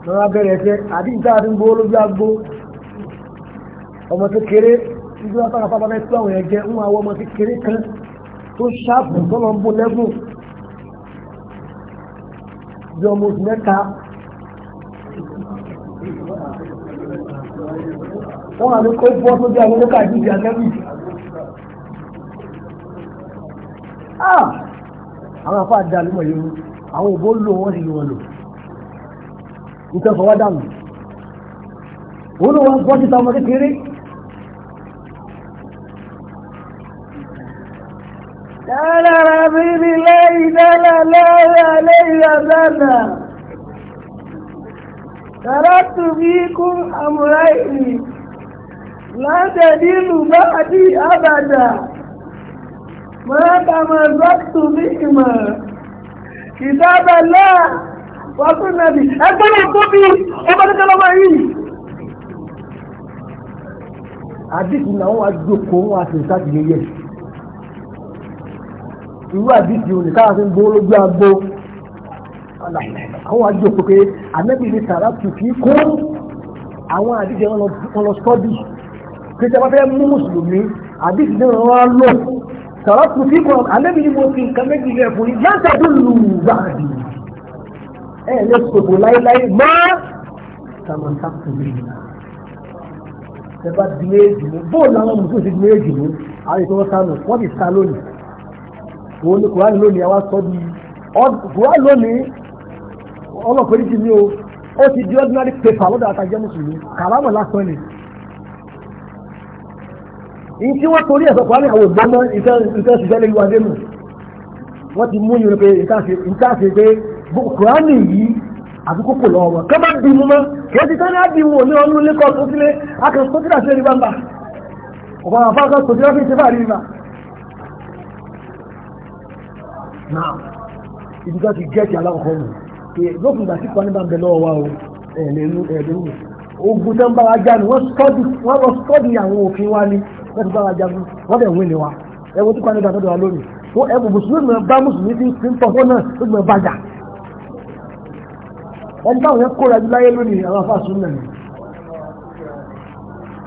wọn abẹ́rẹ́ ẹ̀fẹ́ àdíjá àdúgbò olójú àgbo ọmọ kékeré ìgbé wọn sára fábá mẹ́tọ́ àwọn ẹ̀jẹ̀ ń àwọn ọmọ kékeré kan tó ṣáàpù tọ́lọ̀ ń bó lẹ́gùn bí ọmọ oṣù mẹ́ta wọ́n àmì kó bọ́ tó bí àwọn olókà jíjì àtẹ́wì ah! àwọn afá àdàlùmọ̀ yìí àwọn òbó lò wọ́n sì wọ́n lò nítorí fọwọ́ dànù òun ló wọ́n gbọ́ títa ọmọ kékeré على ربيب الله دل الله عليه ذنب تركت فيكم أمرين لا تدل بعدي أبدا ما تمزقت بهما كتاب الله وسنة أقول الطبي أقول الكلام يجي àdìsí làwọn wá jókòó wọn àti ìsáàtì yẹyẹ irú àdìsí òní káà fi ń gbó lójú agbó àwọn àjò pé ànábì ní sàrà tù kí kó àwọn àdìsí wọn lọ sọ́dí pé tí a bá fẹ́ mú mùsùlùmí àdìsí náà wọn á lò sàrà tù kí kó ànábì ní mo fi nǹkan méjì rẹ̀ fún yín láti àdó lù gbàdì ẹ ẹ lè sòbò láéláé má sàmọ̀tà kò lè nà ẹ bá dilé èjì mú bóòlù àwọn mùsùlùmí ti dilé èjì mú àwọn ètò wọn sá nù wọ́n ti sá lónìí òun ni kùránì lónìí àwa sọ di kùránì lónìí ọlọ́pàá yìí ti ní o ó ti di ordinary paper lọ́dọ̀ àtàjẹ́ mùsùlùmí kàlámù lásán ni ní tí wọ́n torí ẹ̀sọ́ kùránì àwọn ògbọ́n mọ́ nǹkan ṣiṣẹ́ lè lu adé nù wọ́n ti mú yìí pé nǹkan ṣe pé kùránì yìí àkókò kò lọ́wọ́ wọn kọ́ bá bí mu mọ́ kí wọ́n ti tán ní àbímú òní ọdún lẹ́kọ̀ọ́ tó sílé akẹ́kọ̀ọ́ tó sílé àti ẹ̀rí bá ń bà ọ̀pọ̀ àwọn afáàkọ́ tó sílé àti ẹ̀rí bá ń bà náà ibi tó ti gẹ́ẹ̀tì aláwọ̀kọ́ nù lókun ìgbà tí kọ́ni bá ń bẹ lọ́wọ́ wa o ẹ̀ẹ́dẹ̀rú ẹ̀ẹ́dẹ̀rú ogun tó ń bá wa jáde wọ́n lọ sọ́ọ̀dì àwọn òfin wa ni wọ́n ti bá wa jáde wọ́n dẹ̀ wíni wa ẹ̀wọ̀n tí kọ́ni bá tọ́jú wa lónìí tó ẹ̀bùn mùsùlùmí bá mùsùlùmí ti ń tọ́ fún náà ó ti mọ̀ bàjá ẹni táwọn yẹn kóra ju láyé lónìí àwọn afáàsùn náà ni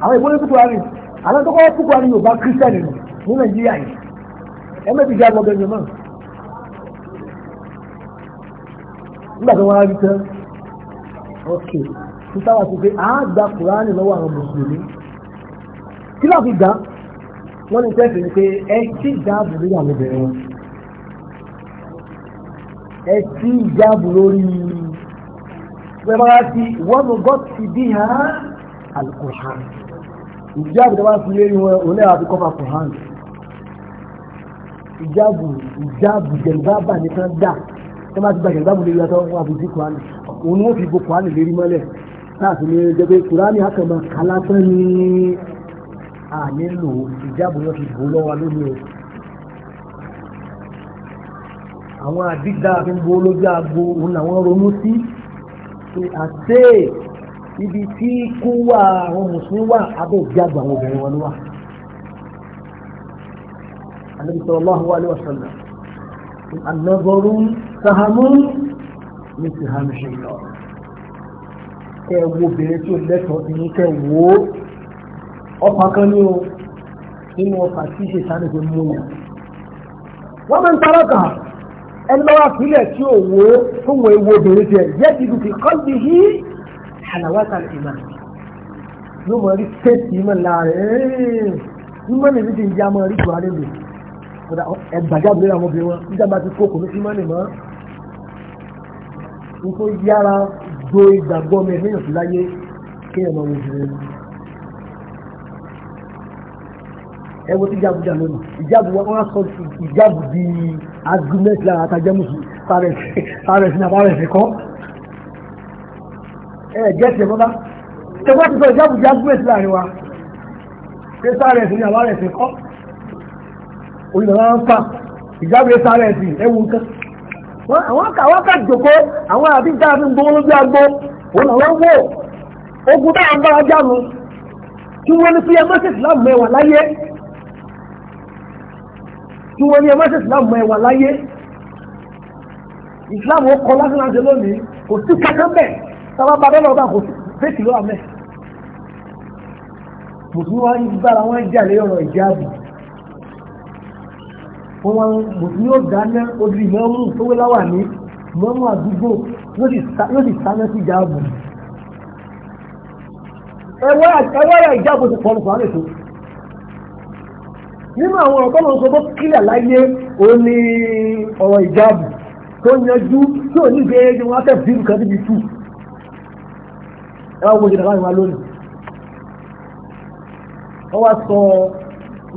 àwọn ìbọn ní kúkúrú àárín àwọn tó kọ́ kúkúrú àárín Yorùbá kírísítẹ́nì ní Nàìjíríà yìí ẹ nígbà tí wọ́n á rí tán ok sísá wa sọ pé à á gba kùránì lọ́wọ́ àwọn mùsùlùmí kí ló fi gbà wọ́n ní sẹ́ẹ̀fì ni pé ẹ ti dáàbò lórí àwọn obìnrin wọn ẹ ti dáàbò lórí pẹ̀lú ti wọ́n mú gọ́ ti bí ha alukóhán ìjáàbù tó bá fi lé wọn òun náà fi kọ́fà kùhán ìjáàbù ìjáàbù jẹ̀lú bá bà ní kan tó bá ti gbàgbé ìgbàgbọ́ lórí ọtọ́ wà fi sí kùránì òun ni wọ́n fi bo kùránì lérí mọ́lẹ̀ láti ní jẹ́ pé kùránì àkànmọ́ kálásán ní ànílò ìjábọ̀ wọn fi bò lọ́wọ́ lónìí o àwọn àdígbà fi ń bo olójú agbo òun làwọn ronú sí pé àṣẹ ibi tí kú wà àwọn mùsùlùmí wà abẹ́ ìjábọ̀ àwọn obìnrin wọn wà. Ànábì sallallahu alaihi النظر سهم من سهام الشيطان ẹ̀wò obìnrin tí ó lẹ́tọ̀ọ́ ti ní kẹwò ó ọ̀pá kan ní o nínú ọ̀pá tí ṣe sáré fi mú yàn. wọ́n máa ń tarakà ẹni bá wà sílẹ̀ tí ò wò ó fún wọn ewu obìnrin jẹ yẹ́ ti dùn fi kọ́ sí yí àlàwátà ìmọ̀ yóò mọ̀ rí tẹ́sí ìmọ̀ láàrin ẹ̀ẹ́n ìmọ̀ nìyí ti ń jẹ́ àmọ́ rí tùwárí mi ẹgbàjáde àwọn obìnrin wọn nígbà máa ti kó kò ní sí mọ́nì mọ́ n tó yára do ìgbàgbọ́ mi ẹ̀mí ìyànjú láyé kí ẹ̀mọ obìnrin ni. ẹ wo tí ìjáàbù jà lónìí ìjáàbù wọn á sọ ìjáàbù di agreement lára àtàjẹmùsù fàrẹsì náà fàrẹsì kọ́ ẹ jẹ́ tiẹ̀ mọ́tà tẹ̀wọ́n ti sọ ìjáàbù di agreement láàrin wa pé fàrẹsì ni àwárẹsì kọ́ olùdàmọ́ ń fà ìjábọ̀ sáré ẹ̀sìn ẹ̀wù nǹkan àwọn ká jòkó àwọn àbí dáa fi ń gbowó lójú agbó òun làwọn wò ogun táwọn ń bára jánu tí wọ́n ní pé mọ́sẹ̀ ìsìlámù mẹ́wàá láyé tí wọ́n ní ẹ mọ́sẹ̀ ìsìlámù mẹ́wàá láyé ìsìlámù ó kọ lásán lónìí kò sí kankan bẹ́ẹ̀ sábà bá dọ́là kò sí fẹ́ẹ̀kì lọ́wọ́ mẹ́ mùsùlùmí wa ń gbára wọn jà lé ọ̀rọ̀ ìjáàbù wọ́n wá mùsùlùmí ó dáná odiri mọ́mú tówó láwà ní mọ́mú àdúgbò yóò sì sáná sí ìjáàbù ẹwọ́rẹ̀ ìjáàbù ti pọ̀ nùkọ́ àrètò nínú àwọn ọ̀tọ́ lọ́nà tó kílẹ̀ láyé ó ní ọ̀rọ̀ ìjáàbù tó yanjú tí ò ní gbé ẹgbẹ́ wọn fẹ́ bí nǹkan níbi tù ẹwà gbogbo ìdàgbà ìwà lónìí wọ́n wá sọ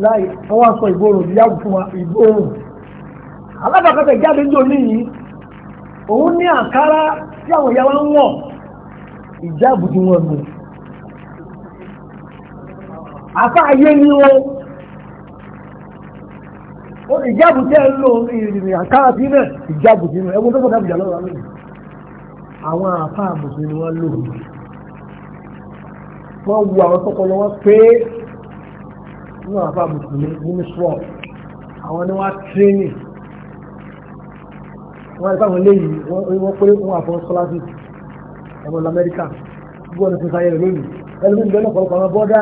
láì ọwọ́ sọ ìgbóòrùn ìyáwó fún wa ìgbóòrùn alábàákọ́tẹ̀ jáde ní òní yìí òun ní àkàrà tí àwọn ìyá wa ń wọ̀ ìjáàbù tí wọ́n lò àfa ayé ni o ìjáàbù tí ẹ ń lò ìrìn àkàrà sí náà ìjáàbù tí náà ẹgbẹ́ tó sọ̀tà ìjà lọ́wọ́ lónìí àwọn àfa àmùsùn ni wọ́n lò wọ́n wu àwọn tọkọ lọ́wọ́ pé ní wọ́n bá mùsùlùmí nínú swap àwọn ni wọ́n tírénì wọ́n rí báwọn léyìí wọ́n pé wọ́n àfọ́ sọ́lájú ẹ̀mọ́ lamẹ́ríkà gbogbo ọ̀nà tuntun ayẹyẹ lónìí ẹlòmíì bẹ́ẹ̀ náà pọ̀lọpọ̀ àwọn bọ́dà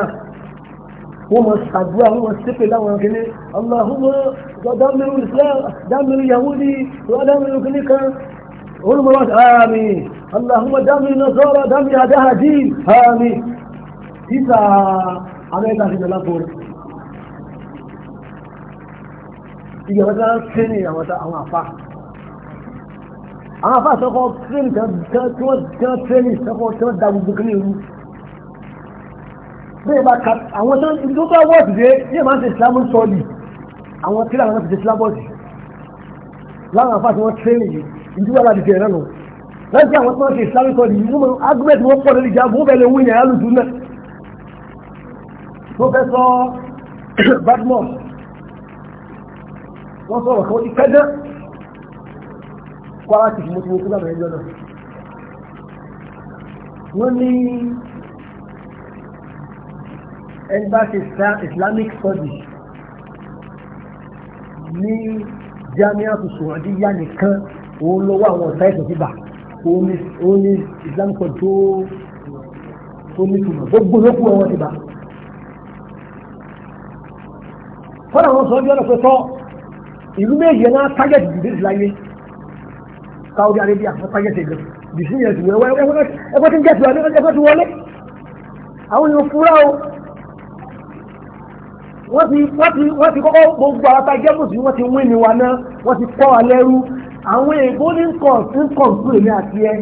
wọ́n mọ̀ sàdúrà wọ́n mọ̀ sípè láwọn kìíní aláhùnmọ́ dámẹ́rù islam dámẹ́rù yahudi dámẹ́rù kìíní kan olùmọ̀ wá sí àmì aláhùnmọ́ dámẹ́rù nasara dámẹ́rù adáhàdì àmì títà amẹ́ríkà ti dọ̀lá fún un iye àwọn tí wọ́n ń tẹ́ ní àwọn àfa àwọn afa sọkọ tírẹ́nì tí wọ́n tírẹ́nì sọkọ tí wọ́n da gbogbo kílẹ̀ ìlú bẹ́ẹ̀ bá ka àwọn tó ń tó bá wọ́ọ̀sì dé ní ẹ̀ máa ń ṣe islamu sọ́ọ̀lì àwọn kílẹ̀ àwọn ti ṣe islamuọ̀sì láwọn afa tí wọ́n tírẹ́nì yìí ìdí wàhálà ti tẹ̀rẹ̀ nù lẹ́yìn àwọn tó ń ṣe islamu sọ́ọ̀lì yìí wọ́n agúmẹ̀tì wọn pọ̀ lórí ìjà wọ́n sọ̀rọ̀ kan ó ti pẹ́ dán kwara ti fi mọ́tò kúlà mẹ́rin lọ́nà wọ́n ní embassy islamic studies ní jamiu sùwádìí yá nìkan òun lọ́wọ́ àwọn ọ̀tá ẹ̀sìn síbà òun ní islamic studies tó tó nítumọ̀ gbogbo yókù ẹ̀wọ̀n ti bá. fọ́nà wọn sọ ọjọ́ ọ̀nà pé tọ́ ìlú méjì yẹn náà target dìbìtì láyé Saudi Arabia fún target ẹgbẹ́ dìbìtì yẹn ti wẹwẹ ẹgbẹ́ tí ń jẹ tiwọn ẹgbẹ́ tí wọlé àwọn èèyàn fúra o wọ́n ti wọ́n ti wọ́n ti kọ́kọ́ gbogbo àwọn tá a jẹ́ mùsùlùmí wọ́n ti wín ni wa náà wọ́n ti kọ́ wa lẹ́rú àwọn èèbó ní nǹkan nǹkan tó èmi àti ẹ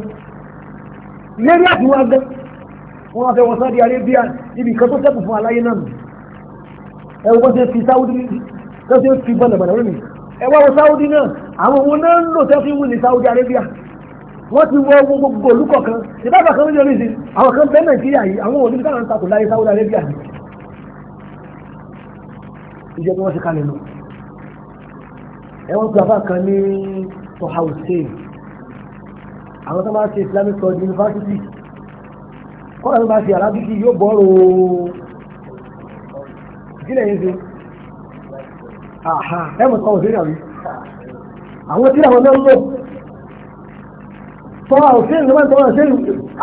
lérí àtiwọn agbẹ́ wọ́n wá fẹ́ wọ Saudi Arabia ibi kan tó sẹ́kù fún aláyé náà nù ẹ wọ́n ti fi Saudi tó ṣe fi bọ́ọ̀lù bọ̀dọ̀ lónìí ẹ wá wo Saudi náà àwọn òun náà ń lò tẹ́ fi wù ní Saudi Arabia wọ́n ti wọ gbogbo olùkọ̀ kan ìbáàbà kan lórí ìsìn àwọn kan bẹ́ẹ̀ nàìjíríà yìí àwọn òní táwọn ń takò láyé Saudi arabia ni ìjọ tí wọ́n ti kalẹ̀ lọ. ẹ̀wọ̀n gbàgbà kan ní tọ́ha hussein àwọn tó máa ṣe islamic studies university kọ́ra tó máa ṣe arabic yóò bọ́ọ̀rọ̀ ìdílé yẹn ṣe. ẹ̀mọ̀ sọ òṣèré ọ̀rí àwọn tí àwọn náà ń lò sọ àwòṣèré ló máa ń tọ́ àwòṣèré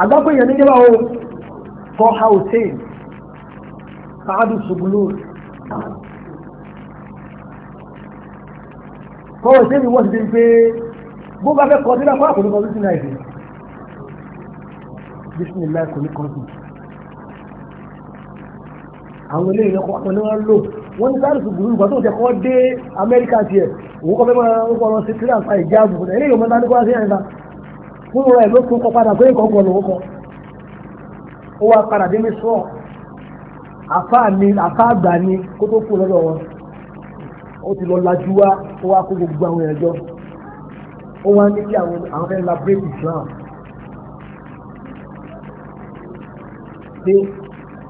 àgbákò èèyàn nígbà o sọ àwòṣèré sáádù ṣùgbùlù sọ òṣèré wọ́n ti di pé bó bá fẹ́ kọ́ sílẹ̀ fún àkókò kan lóṣù náà ìdè bísí ni láì kò ní kọ́ńtù àwọn eléyìí lọ́kọ́ wọn ni wọ́n lò wọ́n ní sáàrùsù gbùrù ìgbà tó ń tẹ̀kọ́ dé amẹ́ríkà tiẹ̀ òun kọ́ fẹ́ máa ń kọ́ lọ sí kílà nípa ìjáàbù ẹ̀rí ìyọ̀mọ́ tá ní kọ́ sí ẹ̀ńdà fún ìrọ̀ ẹ̀ ló tún kọ́ padà pé nǹkan kọ̀ lòun kọ́ ó wá padà dé mi sọ àfa mi àfa àgbà ni kó tó kú lọ́dọ̀ wọn ó ti lọ lajú wá ó wá kó gbogbo àwọn èèyàn jọ ó wá ní kí àwọn àwọn fẹ́ labrate Islam pé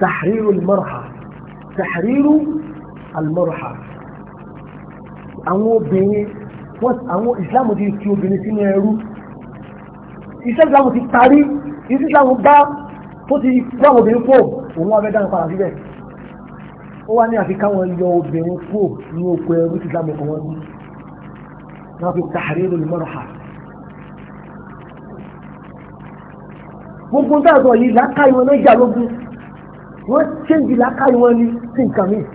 tahriru al-marha almorha àwọn obìnrin wọ́n àwọn ìsìláàmù ti fi obìnrin sínú ẹrú iṣẹ́ ìsìláàmù ti parí iṣẹ́ ìsìláàmù bá tó ti bá àwọn obìnrin kó òun wá fẹ́ dáhùn padà síbẹ̀ ó wá ní àfi káwọn yọ obìnrin kó ní oko ẹrú ti ìsìláàmù kan wọn ní wọ́n fi tàhárí lórí mọ́rọ̀hà gbogbo ń dáàbò yìí làákàyè wọn náà jà lógún wọ́n ṣéǹdì làákàyè wọn ní sí nǹkan mìíràn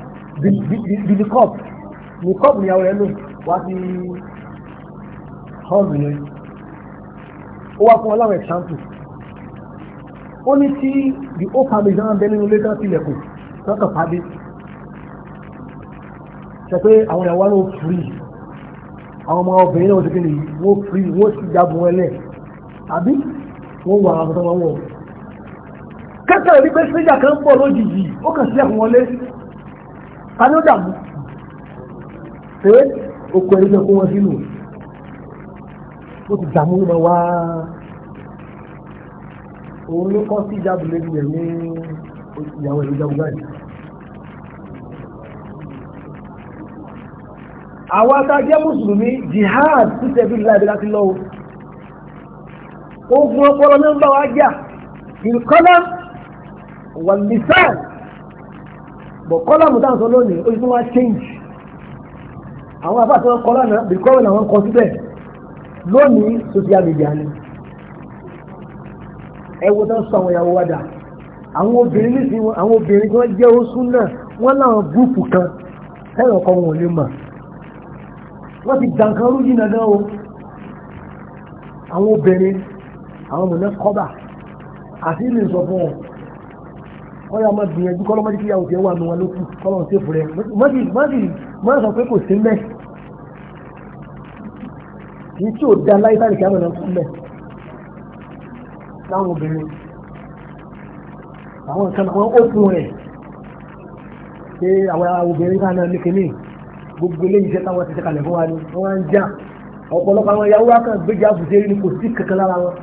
bí ní cup ní cup ní àwọn ẹlò wá sí hall yẹn ó wá fún ọlọ́run example ó ní tí the old family náà bẹ nínú lẹ́tà tilẹ̀kùn lọ́kàn pàdé sọ pé àwọn ìyàwó náà free àwọn ọmọ obìnrin náà ó ti kí ni wọ́n free wọ́n sì jagun ẹlẹ́ àbí wọ́n wà àwọn ọmọ wọn. kẹ́kẹ́ rí pé sílẹ̀ kan pọ̀ lójijì ó kàn sílẹ̀ fún wọn lé ká ní ó dààmú ṣé oko ẹ̀rí náà kó wọn sínú ó ti dààmú ló máa wá òun ló kọ́ sí ìjábù lórí rẹ̀ ní ìyàwó ẹ̀rí ìjábù báyìí. àwọn atajẹ́ mùsùlùmí jihad títẹ̀ bí láìpẹ́ láti o ogun ọpọlọ ní ń bá wa jà ìkọ́lá wà nìsáà bọ̀ kọ́lọ́mù táwọn sọ lónìí ó ti tún wá change àwọn afá àti wọn kọ́lọ́mù bìkọ́rọ̀ wọn kọ síbẹ̀ lónìí social media ni ẹ wo tán sọ àwọn ìyàwó wa dà àwọn obìnrin nísìnyí wọn àwọn obìnrin tí oṣù náà kan tẹ́lẹ̀ ọkọ wọn ò lè mọ̀ wọ́n ti dànkan o àwọn obìnrin àwọn mọ̀nà kọ́bà àti ìlú ìsọfún wọn. wọ́n yà máa gbìyànjú kọ́ lọ́mọdé kíyàwó tiẹ̀ wà nù wọn lókù kọ́ lọ́n sí fúrẹ́ má sọ pé kò sí mẹ́ kì í tí ò da láyé sáré kíámọ̀ náà kú mẹ́ láwọn obìnrin àwọn nǹkan àwọn ókun rẹ̀ pé àwọn obìnrin náà náà lékè ní gbogbo eléyìí iṣẹ́ táwọn ti ṣe kalẹ̀ fún wa ni wọ́n á ń jà ọ̀pọ̀lọpọ̀ àwọn ìyàwó wa kan gbéjà àbùsẹ́ ní kò sí kankan lára wọn.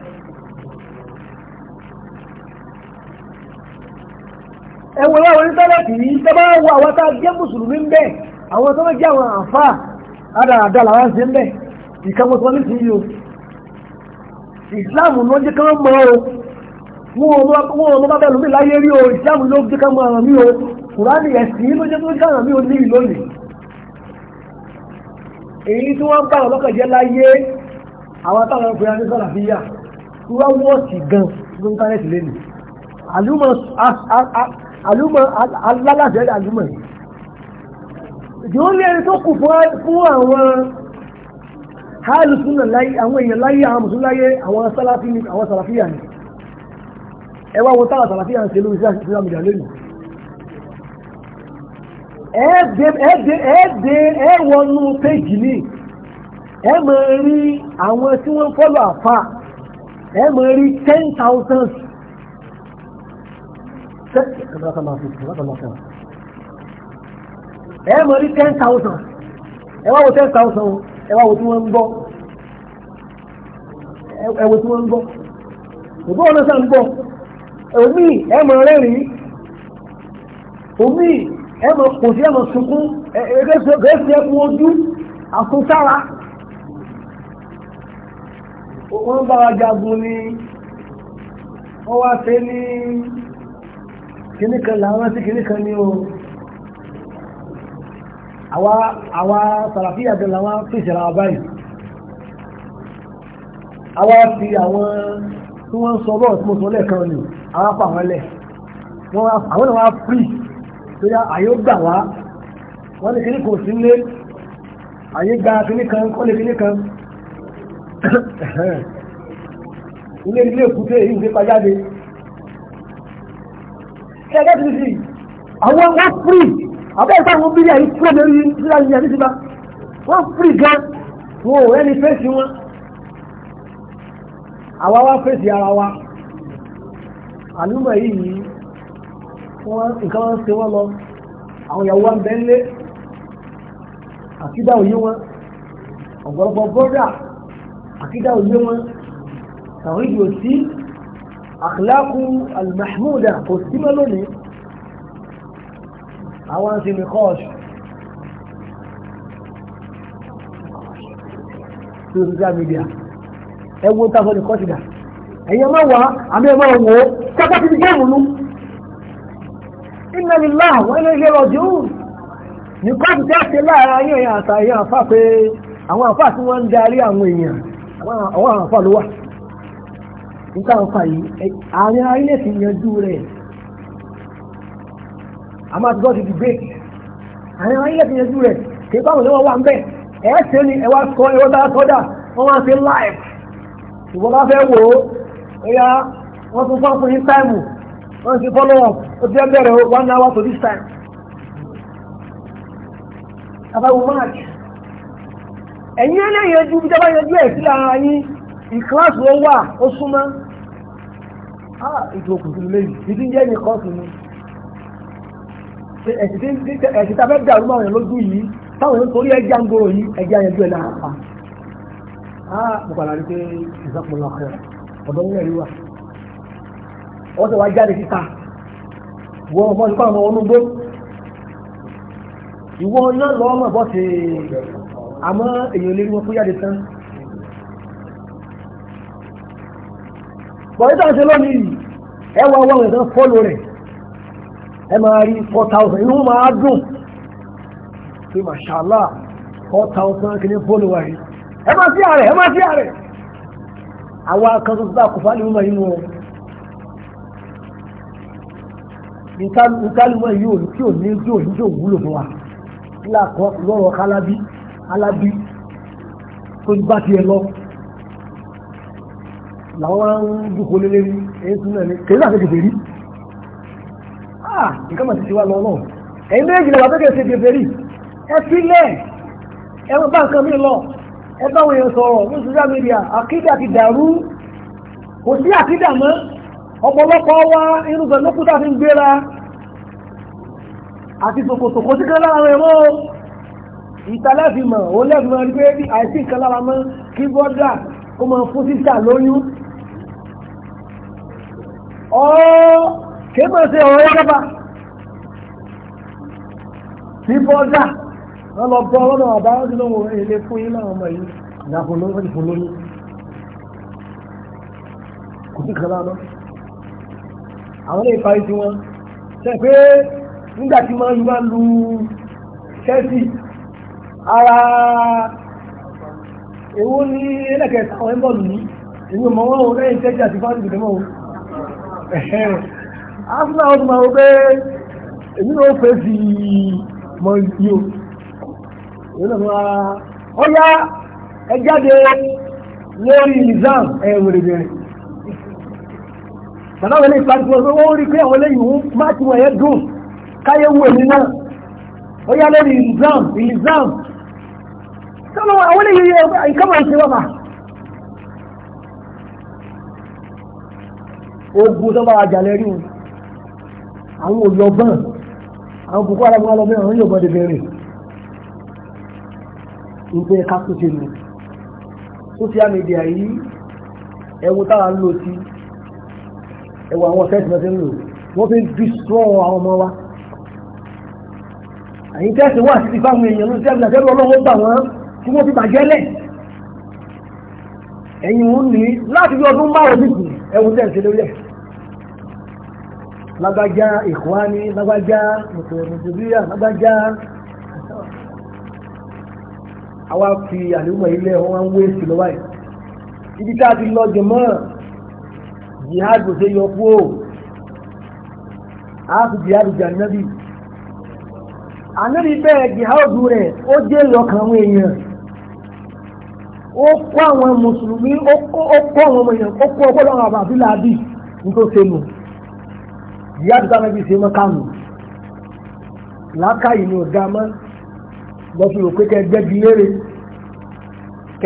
ẹ̀wọ̀n láwọn onítọ́lẹ̀tì yìí tọ́bá wọ àwọn tá a jẹ́ mùsùlùmí ń bẹ̀ àwọn tó jẹ́ àwọn àǹfà àdàràdà làwọn ṣe ń bẹ̀ ìkàmọ́sọ́ ní ti yìí o ìsìláàmù ló jẹ́ kán mọ́ o wọ́n ọmọ bábẹ́ lómi láyé rí o ìsìláàmù ló jẹ́ kán mọ́ ara o kùránì ẹ̀sìn ló jẹ́ kán mọ́ ara mi o ní ìlónìí èyí tí wọ́n bá ọlọ́kàn jẹ́ láyé àwọn táwọn ọkùnrin àti sọ́là fi yà wọ́n wọ́ọ̀sì gan ló ń kárẹ́sì àlùmọ̀ alálàfẹ́ àlùmọ̀ yìí yóò ní ẹni tó kù fún àwọn hálùsùn láyé àwọn èèyàn láyé àwọn mùsùlùmí láyé àwọn sálàfí ni àwọn sàlàfíà ni ẹ wá wọn táwọn sàlàfíà ń ṣe lórí sílá mìíràn lónìí ẹ̀ẹ́dẹ̀ ẹ̀wọnú péjì ní ẹ máa rí àwọn tí wọ́n fọ́lọ̀ àfà ẹ máa rí ten thousand sẹ́ẹ̀kì ọ̀dọ́ kan máa fi ọ̀dọ́ kan máa fẹ́ràn. ẹ ten thousand ẹ wo ten thousand ẹ wá wo tí wọ́n ń gbọ́ ẹ wo tí wọ́n ń gbọ́ òbí wọn náà sàn ń gbọ́ òmí ẹ mọ̀ rẹ́rìn òmí ẹ ojú àsunsára wọ́n bá wa jagun ni wọ́n wá ṣe ní kìíní kan làwọn sí kìíní kan ní o àwa sàràfíà gan làwọn fèsì ara báyìí àwa fi àwọn tí wọ́n ń sọ bọ́ọ̀ tí mo sọ lẹ́ẹ̀kan ni àwa pa àwọn lẹ̀ àwọn náà wá free tó yá àyè ó gbà wá wọ́n ní kìíní kò sí nílé àyè gba kìíní kan kọ́lé kìíní kan ilé ilé èkúté èyí ń gbé pa jáde ẹgbẹ́ ti fi àwọn wọ́n fúrì àbẹ́ẹ̀ fún àwọn bílíà yìí fúrò lórí ìlú àyè àti ìdíbà wọ́n fúrì gan wọn ò ẹni fèsì wọn àwa wá fèsì ara wa àlùmọ̀ yìí wọ́n nǹkan wọn ṣe wọ́n lọ àwọn ìyàwó wa ń bẹ́ ńlé àkídà òye wọn ọ̀pọ̀lọpọ̀ bọ́dà àkídà òye wọn tàwọn ìdí òsì àkìláàkù almahmuda kò sí mọ́ lónìí àwọn ń sinmi kọ́ọ̀ṣù sí social media ẹ wo táwọn ní kọ́ọ̀ṣù dà ẹ̀yin ọmọ wa àmì ọmọ wo kápá ti di géèmù lu inna lillahi wa inna ilayhi raji'un ní kọ́ọ̀ṣù tí a ṣe láàárín ayé ẹ̀yà àtàyè àfà pé àwọn àfà tí wọ́n ń darí àwọn èèyàn àwọn àfà ló wà. nígbà yìí àárín ti yanjú rẹ̀ a máa ti gọ́ọ̀dì dìbè àárín arílẹ̀ ti yanjú rẹ̀ kí báwọn lọ́wọ́ wà ń bẹ̀ ẹ̀ ṣe ni ẹ̀wà sọ ẹ̀wà bá sọ́dà wọ́n máa live ìwọ́n bá fẹ́ wò ó ẹ̀yà wọ́n tún fọ́n fún yín táìmù wọ́n ti follow up ó ti bẹ̀rẹ̀ hour to dis time. àbáwò march ẹ̀yin ẹlẹ́yìn ojú yanjú ẹ̀ ìkíláàsì ó wà ó súnmọ́ ah ètò òkùnkùn lẹ́yìn ìdí ń jẹ́ ní kọ́ọ̀sì ni ẹ̀sìn tá a fẹ́ dàrú máa yàn lójú yìí táwọn èèyàn torí ẹja ń gbòòrò yìí ẹja yẹn ju ẹ̀ náà pa ah mo kàn láti pé ìsọpọlọ ọkọ ọ̀dọ́ ń rẹ̀rí wà ọwọ́ tó wá jáde síta wọ ọmọ nípa ọmọ ọmọgbó ìwọ náà lọ́wọ́ mọ̀ bọ́ sí àmọ́ èèyàn lè rí wọn kó jáde tán bọ̀dé tó ń ṣe lónìí yìí ẹ wá wọ́n rẹ̀ tán fọ́lù rẹ̀ ẹ máa rí four thousand inú máa dùn pé màṣálà four thousand kìíní fọ́lù wa rí ẹ máa sí ààrẹ ẹ máa sí ààrẹ àwa kan tó bá kò fálẹ̀ mímọ inú wọn ìtàlùmọ̀ yìí òní tí ò ní tí ò ní tí ò wúlò fún wa nílà kan lọ́rọ̀ alábí alábí tó bá tiẹ̀ lọ làwọn wá ń dúkò lélẹ́ rí ẹ̀yìn tún náà ní kèésì àti kèfè rí ah nǹkan mà ti ti wá lọ náà ẹ̀yìn méjì làwọn akẹ́kẹ́ ṣe kèfè rí ẹ sílẹ̀ ẹ mọ bá nǹkan mi lọ ẹ bá wọn yẹn sọ̀rọ̀ ní social media àkídà ti dàrú kò sí àkídà mọ́ ọ̀pọ̀lọpọ̀ wa irúgbẹ́ lókùtà fi ń gbéra àti tòkòtòkò sí kan lára rẹ̀ mọ́ ìtàlẹ́fìmọ̀ ó lẹ́gbẹ̀ẹ́ rí pé àìsí kan lára mọ́ kí bọ́dà kó máa fún sísà lóyún Ọ kéèmọ̀ sí ọ̀rọ̀ pipo tí bọ́dà wọ́n lọ bọ́ ọlọ́nà àbáyọ́ sí lóhun ilé fún yín láwọn ọmọ na ìdàpọ̀ lóhun ìfún lónìí kò sí àwọn ilé ìparí ṣe pé nígbà tí lu ara ní àwọn ní àti fáwọn wọn. afúnà ọdún máa wọ pé èmi náà fẹ́ fi mọ ìdí o èmi náà máa ọ yá ẹ jáde lórí nizam ẹ wèrè bẹ̀rẹ̀ bàbá wọlé ìpàdé wọn wọ́n rí pé àwọn eléyìí wọ́n máa ti wọ̀nyẹ́ dùn káyé wù èmi náà ó yá lórí nizam nizam sọ́nà àwọn eléyìí nǹkan máa ń ṣe wọ́n máa. ogun tó bá wa jà lẹ́rí wọn àwọn olùyọ̀bọ̀n àwọn bùkún alágbọ́n alọ́bẹ̀ àwọn yóò bọ́dẹ̀ bẹ̀rẹ̀ nígbà ẹ̀ka tó ṣe nù social media yìí ẹwu táwa ń lò sí ẹwu àwọn tẹ́sí náà ti ń lò wọ́n fi ń destroy àwọn ọmọ wa àyín tẹ́sí wà sí fáwọn èèyàn lóṣìṣẹ́ àbílẹ̀ tẹ́lú ọlọ́wọ́ gbà wọ́n tí wọ́n fi bàjẹ́ lẹ̀ ẹ̀yìn òun ní láti fi ọdún márùn-ún ẹwù tẹ̀sí lórí ẹ̀ lágbájá ìkùwání lágbájá mùsùlùmíà lágbájá àwa fi àlùmọ̀ ilé wọn ń wé sí lọ́wọ́ yìí ibi tá a ti lọ jẹ̀mọ́ jihad kò ṣe yọ kú o a fi jihad jẹ ànábì ànábì bẹ́ẹ̀ jihad rẹ̀ ó jẹ́ lọ́kàn àwọn èèyàn. ó kó àwọn mùsùlùmí ó kó àwọn ọmọ èèyàn ó kó ọgbọ́dọ̀ àwọn àbàbí làbí nítorí ṣe nù ìyá àti táwọn ẹbí ṣe mọ́ kánù làákàyè ni ò dá mọ́ lọ́sùn rò pé kẹ́ gbẹ́gi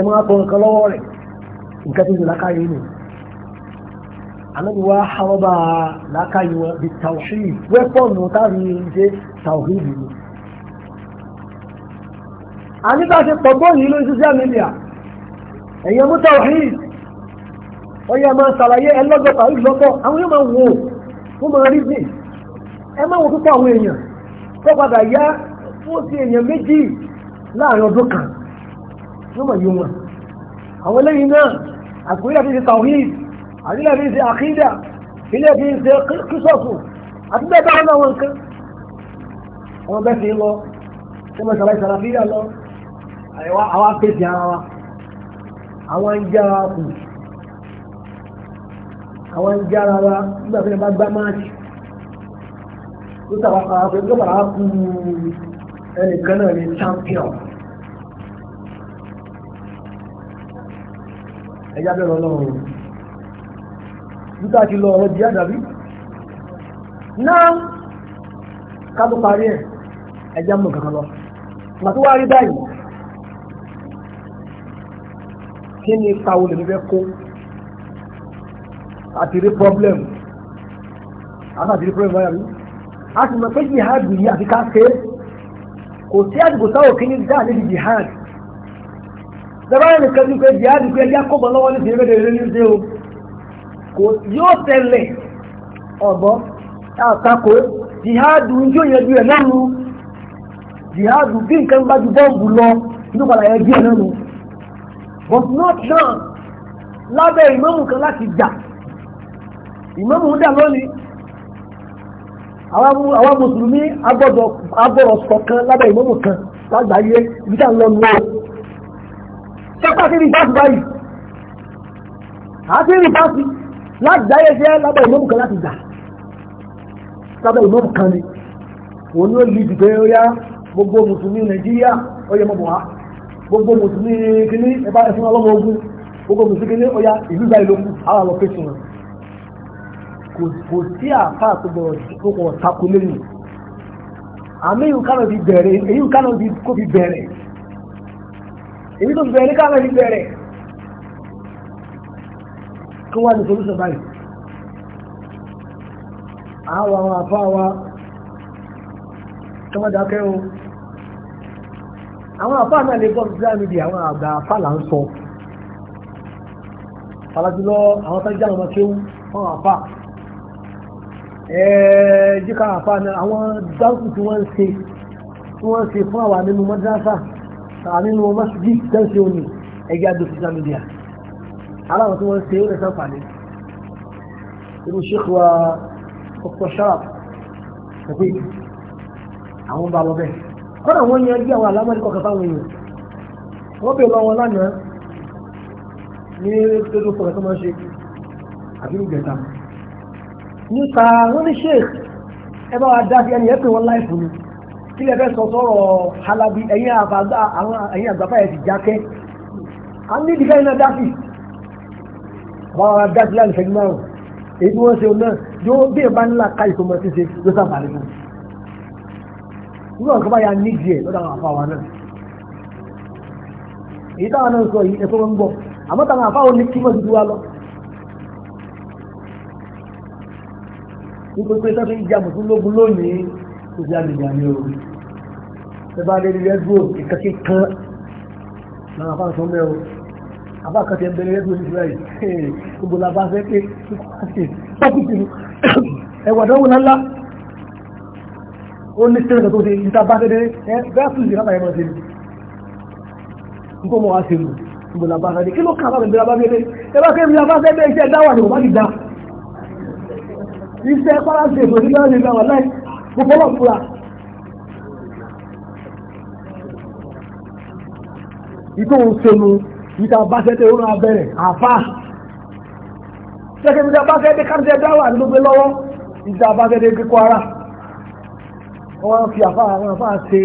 máa nǹkan lọ́wọ́ rẹ̀ nǹkan tó nù wọn wẹ́pọ̀nù táwọn yìí ń ṣe yìí ẹ̀yin ọmọ tawhid ọyẹ máa ṣàlàyé ẹlọ́gbọ̀ tawhid àwọn yóò máa wò ó máa rí bì ẹ máa wò púpọ̀ àwọn èèyàn tó padà yá fún sí èèyàn méjì láàrin ọdún kan àwọn ń jára kù àwọn ń jára wa nígbà tí wọ́n bá gbá máàkì tó tàbá àwọn akẹ́kọ̀ọ́ tó bàrà kú ẹnìkan náà ní champion. ẹja bẹ̀rẹ̀ ọlọ́run nígbà tí lọ ọ̀rọ̀ jíà dàbí náà ká tó parí ẹ̀ ẹja mọ̀ kankan lọ. màtí wàá rí báyìí. kí ni ipa wo lèmi fẹ́ kó àti rí problem àti rí problem báyìí a sì mọ̀ pé jihad yìí àti ká ṣe kò sí àdìgbò sáwò kí ni dáa níbi jihad dábàá nìkan ní pé jihad pé ẹjẹ́ kó bọ́ lọ́wọ́ ní ìṣẹ́yẹ́ bẹ́ẹ̀ lórí ṣe o kò yóò tẹ̀lẹ̀ ọ̀bọ̀ àtakò jihad ń jó yẹn ju ẹ̀ náà nu jihad bí nǹkan bá ju bọ́ọ̀bù lọ nígbà láyé bí ẹ̀ náà nu but not now lábẹ́ ìmáàmù kan láti jà ìmáàmù ń dà lónìí àwọn mùsùlùmí agbọ́dọ̀ ṣọ̀kan lábẹ́ ìmáàmù kan lágbàáyé ibi tá à ń lọ nù ọ́ ṣẹ́pá sí ní ìfásitì báyìí àti ní ìfásitì lágbàáyé jẹ́ lábẹ́ ìmáàmù kan láti jà lábẹ́ ìmáàmù kan ni òun ló lè dìbẹ́ ó yá gbogbo mùsùlùmí Nàìjíríà ó yẹ mọ́ bọ̀ wá. gbogbo mùsùlùmí kìíní ẹ̀bá ẹ̀fún ọlọ́mọ ogun gbogbo mùsùlùmí kìíní ọya ìlú ìgbà ìlú àwọn allocation kò sí àpá àtúbọ̀ tako lẹ́yìn àmì ìhùn kánà ti bẹ̀rẹ̀ èyí kánà ti kó fi bẹ̀rẹ̀ èyí tó bẹ̀rẹ̀ kánà ti bẹ̀rẹ̀ kí wọ́n ní solution báyìí àwọn àwọn wa kí wọ́n dákẹ́ o. àwọn àfa náà lè gbọ́ nígbà níbi àwọn àgbà àfa là ń sọ falajulọ àwọn tó ń jẹ́ àwọn ọmọ kéwú fún àfa jíkà àfa náà àwọn dáhùn tí wọ́n ń ṣe tí wọ́n ń ṣe fún àwa nínú mọ́dúrásà nínú mọ́sídìí tẹ́sí òní ẹgbẹ́ àdó social media aláwọ̀ tí wọ́n ń ṣe ó lè sàǹfààní irú ṣèkú wa ọ̀pọ̀ ṣáà ọ̀pẹ́ àwọn bá lọ bẹ́ẹ̀ kọ́nà wọ́n yanjú àwọn àlámọ́ríkọ̀ kan fáwọn èèyàn wọ́n bèèrè lọ́wọ́ lánàá ní tójú fọ̀rọ̀ tó máa ń ṣe àbílù gẹ̀ta nípa wọ́n ní ṣe ẹ bá wa dá sí ẹni ẹ pè wọ́n láìpù ni kí lè fẹ́ sọ sọ́rọ̀ halabi ẹ̀yìn àgbàfà ẹ̀ sì jákẹ́ a ní ìdíkẹ́ iná dá sí bá wa dá sí láìpẹ́ ní márùn-ún èyí tí wọ́n ṣe náà yóò bí ìbá ńlá ká ìtòmọ̀ ṣíṣe ló sábà nígbà tó bá ya nídìí ẹ̀ lọ́dọ̀ àwọn àfáwà náà èyí táwọn náà sọ yìí ẹ̀fọ́ ń bọ̀ àmọ́ táwọn àfáwà ní kí mọ̀ dúdú wa lọ. nítorí pé sọ́kè ìjà mùsùlùmí lónìí kò sí àgbègbè àmì òru ṣe bá lórí rẹ́dúró ìkàkẹ́ kan làwọn àfáà sọ mẹ́rin àbá kan ti ń bẹ̀rẹ̀ rẹ́dúró ní ìsirayì gbogbo làbá fẹ́ pé kíkọ́ àti tọ́kùtì ẹ̀wà dánwò lálá ó ní tó ṣe ìta bá dédé ẹ gáàsùn ìṣẹ́ lábàáyé máa ṣe lù nǹkan mọ̀ wá ṣe lù ìbò làbá ṣe kí ló kà lábàá bá dédé ẹ bá kẹ́ ìbílẹ̀ bá ṣe iṣẹ́ dáwà ni kò bá ti da iṣẹ́ faransé kò ní bá ṣe láì gbogbo ọlọ́ fura ìtò ń ṣe nu ìta bá ṣe òun abẹ́rẹ̀ àfà ṣẹ́kẹ́ ìta bá ṣe tẹ́ dáwà ní gbogbo lọ́wọ́ ìta wọ́n fi àfa àwọn àfa ṣe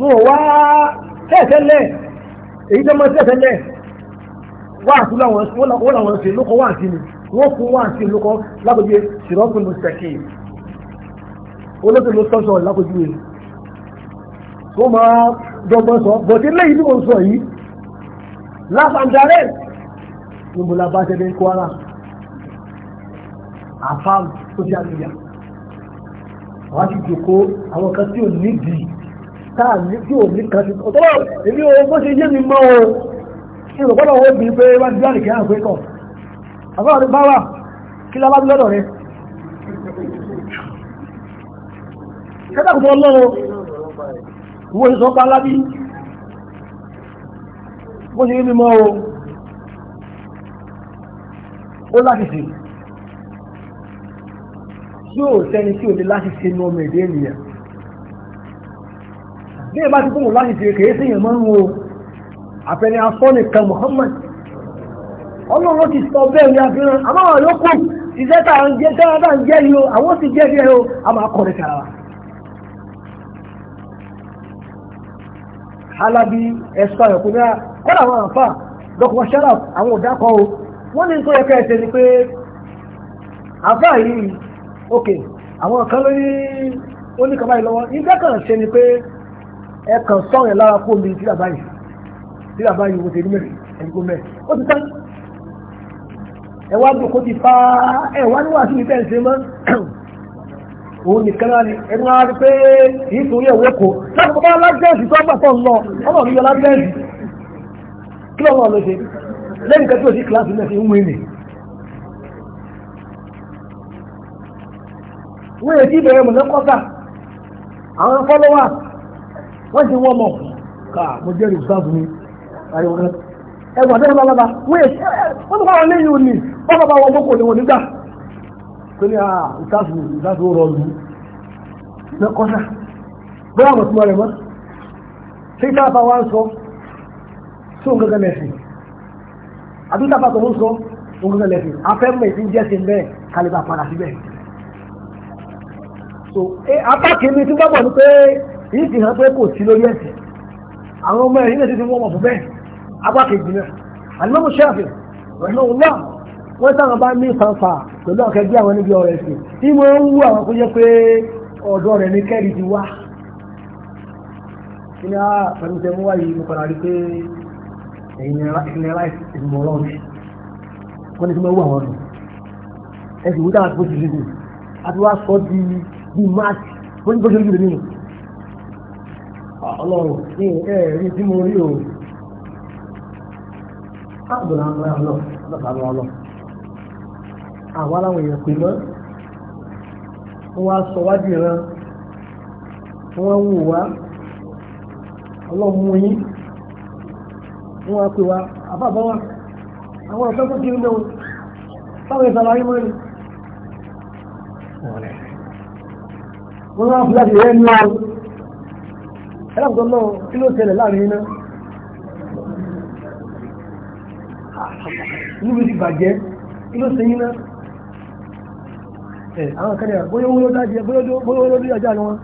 wọn ò wá tẹ́ẹ̀tẹ́lẹ̀ èyí tẹ́ mọ́ tẹ́ẹ̀tẹ́lẹ̀ wá àti wọ́n làwọn ṣe lóko wá àti ni wọ́n fún wá àti lóko lágbègbè ṣìrọ́pìn ló ṣẹ̀kì olóṣèlú sọ́sọ̀ lágbègbè tó máa dọ́gbọ́n sọ bọ̀dé lẹ́yìn tí mo sọ yìí láfàǹdarẹ́ ìmùlà bá ṣẹlẹ̀ Kwara àfáà social media àwọn ti jòkó àwọn kan tí ò nídìí táà ní tí ò ní kan ti tọ́ èmi ò bó ṣe yé mi mọ́ o ṣe rò gbọ́dọ̀ wọ́n bí pé wá dídá nìkan àgbẹ̀ kan àbáwọn ní báwà kí lábá bí lọ́dọ̀ rẹ. kẹ́tàkùn tó lọ́wọ́ wo ṣe sọ pa lábí bó ṣe yé mi mọ́ o ó láti sè é. tí ò sẹ́ni tí o lè láti ṣe nu ọmọ èdè ènìyàn bí ẹ bá ti kún un láti ṣe kèé sí máa ń wo àfẹnì afọ́nìkan ọlọ́run ti sọ bẹ́ẹ̀ ní iṣẹ́ tá à ń jẹ́ tá à ń jẹ́ yìí o àwọn sì jẹ́ o a máa kọ́ ní kàrà. alábí ẹ̀sọ́ ẹ̀kú ní kọ́dà àwọn àǹfà dọ́kọ̀ sharaf àwọn o wọ́n ní ok àwọn kan ló ní oníkàbá yìí lọ́wọ́ ìgbà kan ṣe ni pé ẹ kàn sọ̀rọ̀ yẹn lára kó mi tíra báyìí tíra báyìí wo tèmi mẹ́rin ẹni kó mẹ́rin ó ti tán ẹ wá gbòkó ti fa ẹ wá níwá sí mi tẹ́ ń ṣe mọ́ òun nìkan náà ni ẹni wá rí pé kì í torí ẹ̀wọ́ kò láti bọ́ lágbẹ́ẹ̀sì tó gbà tó ń lọ ọmọ mi yọ lágbẹ́ẹ̀sì kí lọ́wọ́ ló ṣe lẹ́yìn kẹ́tí òsì kíláàsì náà fi ń wé nìyí wọ́n yẹ ti bẹ̀rẹ̀ mọ̀lẹ́kọ́sà àwọn fọ́lọ́wà wọ́n ti wọ́n mọ̀ ká mo jẹ́ rìsáàfù mi ariwo kan ẹgbẹ́ àti ẹgbẹ́ bàbá wọ́n yẹ wọ́n tó bá wọn léyìn òní wọ́n bá wọn gbókò ní wọn nígbà tó ní àà ìsáàfù ìsáàfù rọ̀ lù mẹ́kọ́sà bóyá àwọn tó mọ̀ rẹ̀ mọ́ tí ìsáàfà wa ń sọ sí òun gẹ́gẹ́ lẹ́sìn àbí ìsáàfà tó ń sọ òun gẹ́gẹ́ lẹ́sìn afẹ́ mẹ́sìn jẹ́sìn bẹ́ẹ̀ kálíbà padà síbẹ̀ so eh, apákìmí tí gbọ́dọ̀ ni pé yìí ti hàn pé kò sí lórí ẹ̀sìn àwọn ọmọ ẹ̀yìn náà ti fi wọ́n mọ̀ fún bẹ́ẹ̀ apákejì náà alimami shafi rahmanullah wọ́n sáwọn bá ní fanfa pẹ̀lú àwọn kẹgbẹ́ àwọn níbi ọ̀rọ̀ ẹ̀sìn tí mo ń wú àwọn kó jẹ́ pé ọ̀dọ́ rẹ̀ ní kẹ́rì ti wá kí ni a pẹ̀lú tẹ mú wáyé mo padà rí pé ẹ̀yin ẹ̀rá ìmọ̀ ọlọ́run wọ́n ní tí mo wú àwọn ọ̀rọ̀ ẹ̀sìn wúdà àti bó ti rí bí march wọ́n ní bó ṣe rí lónìí ọlọ́run ní ẹ̀ẹ́rí tí mo rí o káàbọ̀ náà máa lọ lọ́kàá lọ́wọ́ lọ àwọn aláwọ̀ èèyàn pè mọ́ wọ́n wá sọ wájú ìran wọ́n wù wá ọlọ́mú yín wọ́n wá pè wá àbábá wa àwọn ọ̀sán tó kiri náà báwọn ìsàlàyé mọ́ ni wọ́n máa fi láti rẹ̀ ní ọrùn ẹlẹ́gbọ́n kí ló tẹ̀lẹ̀ láàrin iná ah, níbi ti bàjẹ́ kí ló tẹ̀ iná ẹ̀ àwọn kan bóyá wọ́n dájẹ́ bóyá wọ́n lórí ọjà ni wọ́n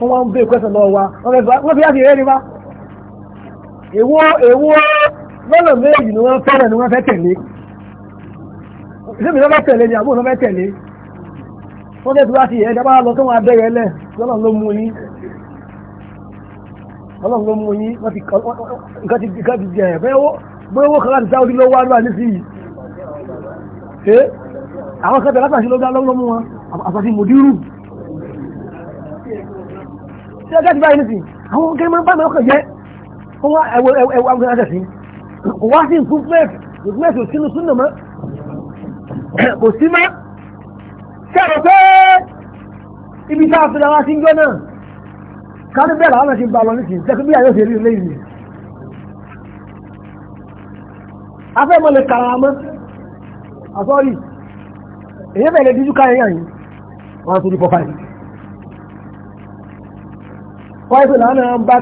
wọ́n wá ń bè kẹ́sẹ̀ lọ́wọ́ wa wọ́n fi láti rẹ̀ ní bá èwo èwo lọ́nà méjì ni wọ́n fẹ́ràn ni wọ́n fẹ́ tẹ̀lé ìdíbi lọ́ba tẹ̀lé ni àbúrò lọ́ba tẹ̀lé wọ́n tẹ̀sí wá sí ẹ̀ẹ́dá bá lọ sóhun abẹ́rẹ́ lẹ̀ lọ́lọ́run ló mú yín ọlọ́run ló mú yín wọ́n ti nǹkan ti nǹkan ti jẹ̀ bẹ́ẹ̀ owó kan láti sáwọ́dí ló wá nígbà nísìnyí ṣé àwọn kan tẹ̀lé àtàṣe ló dá lọ́wọ́ mú wọn àtàṣe mòdírù ṣé ẹgbẹ́ ti báyìí nísìn àwọn kẹ́rin máa ń bá mi ọkọ̀ jẹ́ wọ́n wá ẹ̀wọ̀ ẹ̀wọ̀ ẹ̀wọ̀ kò sí sẹ́rọ̀ pé ibi tá a fi làwọn aṣíńjọ́ náà kárí bẹ́ẹ̀ làwọn ti ń ba lọ nísìnyí sẹ́kú bí àyọ̀ ṣe rí lẹ́yìn ni afẹ́mọ̀ lè kàrà mọ́ àsọ́rí èyí bẹ̀rẹ̀ díjú káyẹ̀yà yìí wọ́n tó ní pọ̀ fáìlì fáìlì lánàá ń bá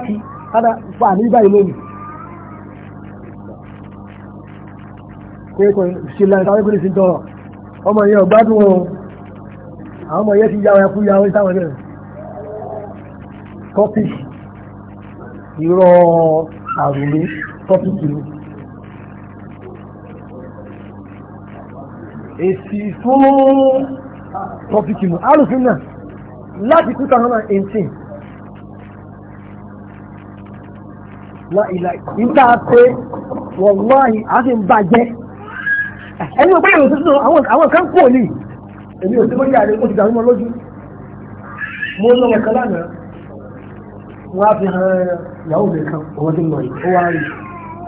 kí ọmọ yẹn ọgbádùn o àwọn ọmọ yẹn ti yáwọ ẹkú yáwọ ìsáwọn ẹgbẹ̀rẹ̀ tọ́pìkì irọ́ àrùlé tọ́pìkì ni èsì fún tọ́pìkì mu alùfin náà láti 2018 láìláì nígbà pé wọ̀láì á sì ń bàjẹ́ ẹni òpá ìròyìn tuntun àwọn kan kò ní èmi ò sí bóyá rẹ ó ti dàrú mọ lójú mo lọ wọn kan lánàá wọn á fi hàn ìyàwó mi kan òun ti mọ yìí ó wá rí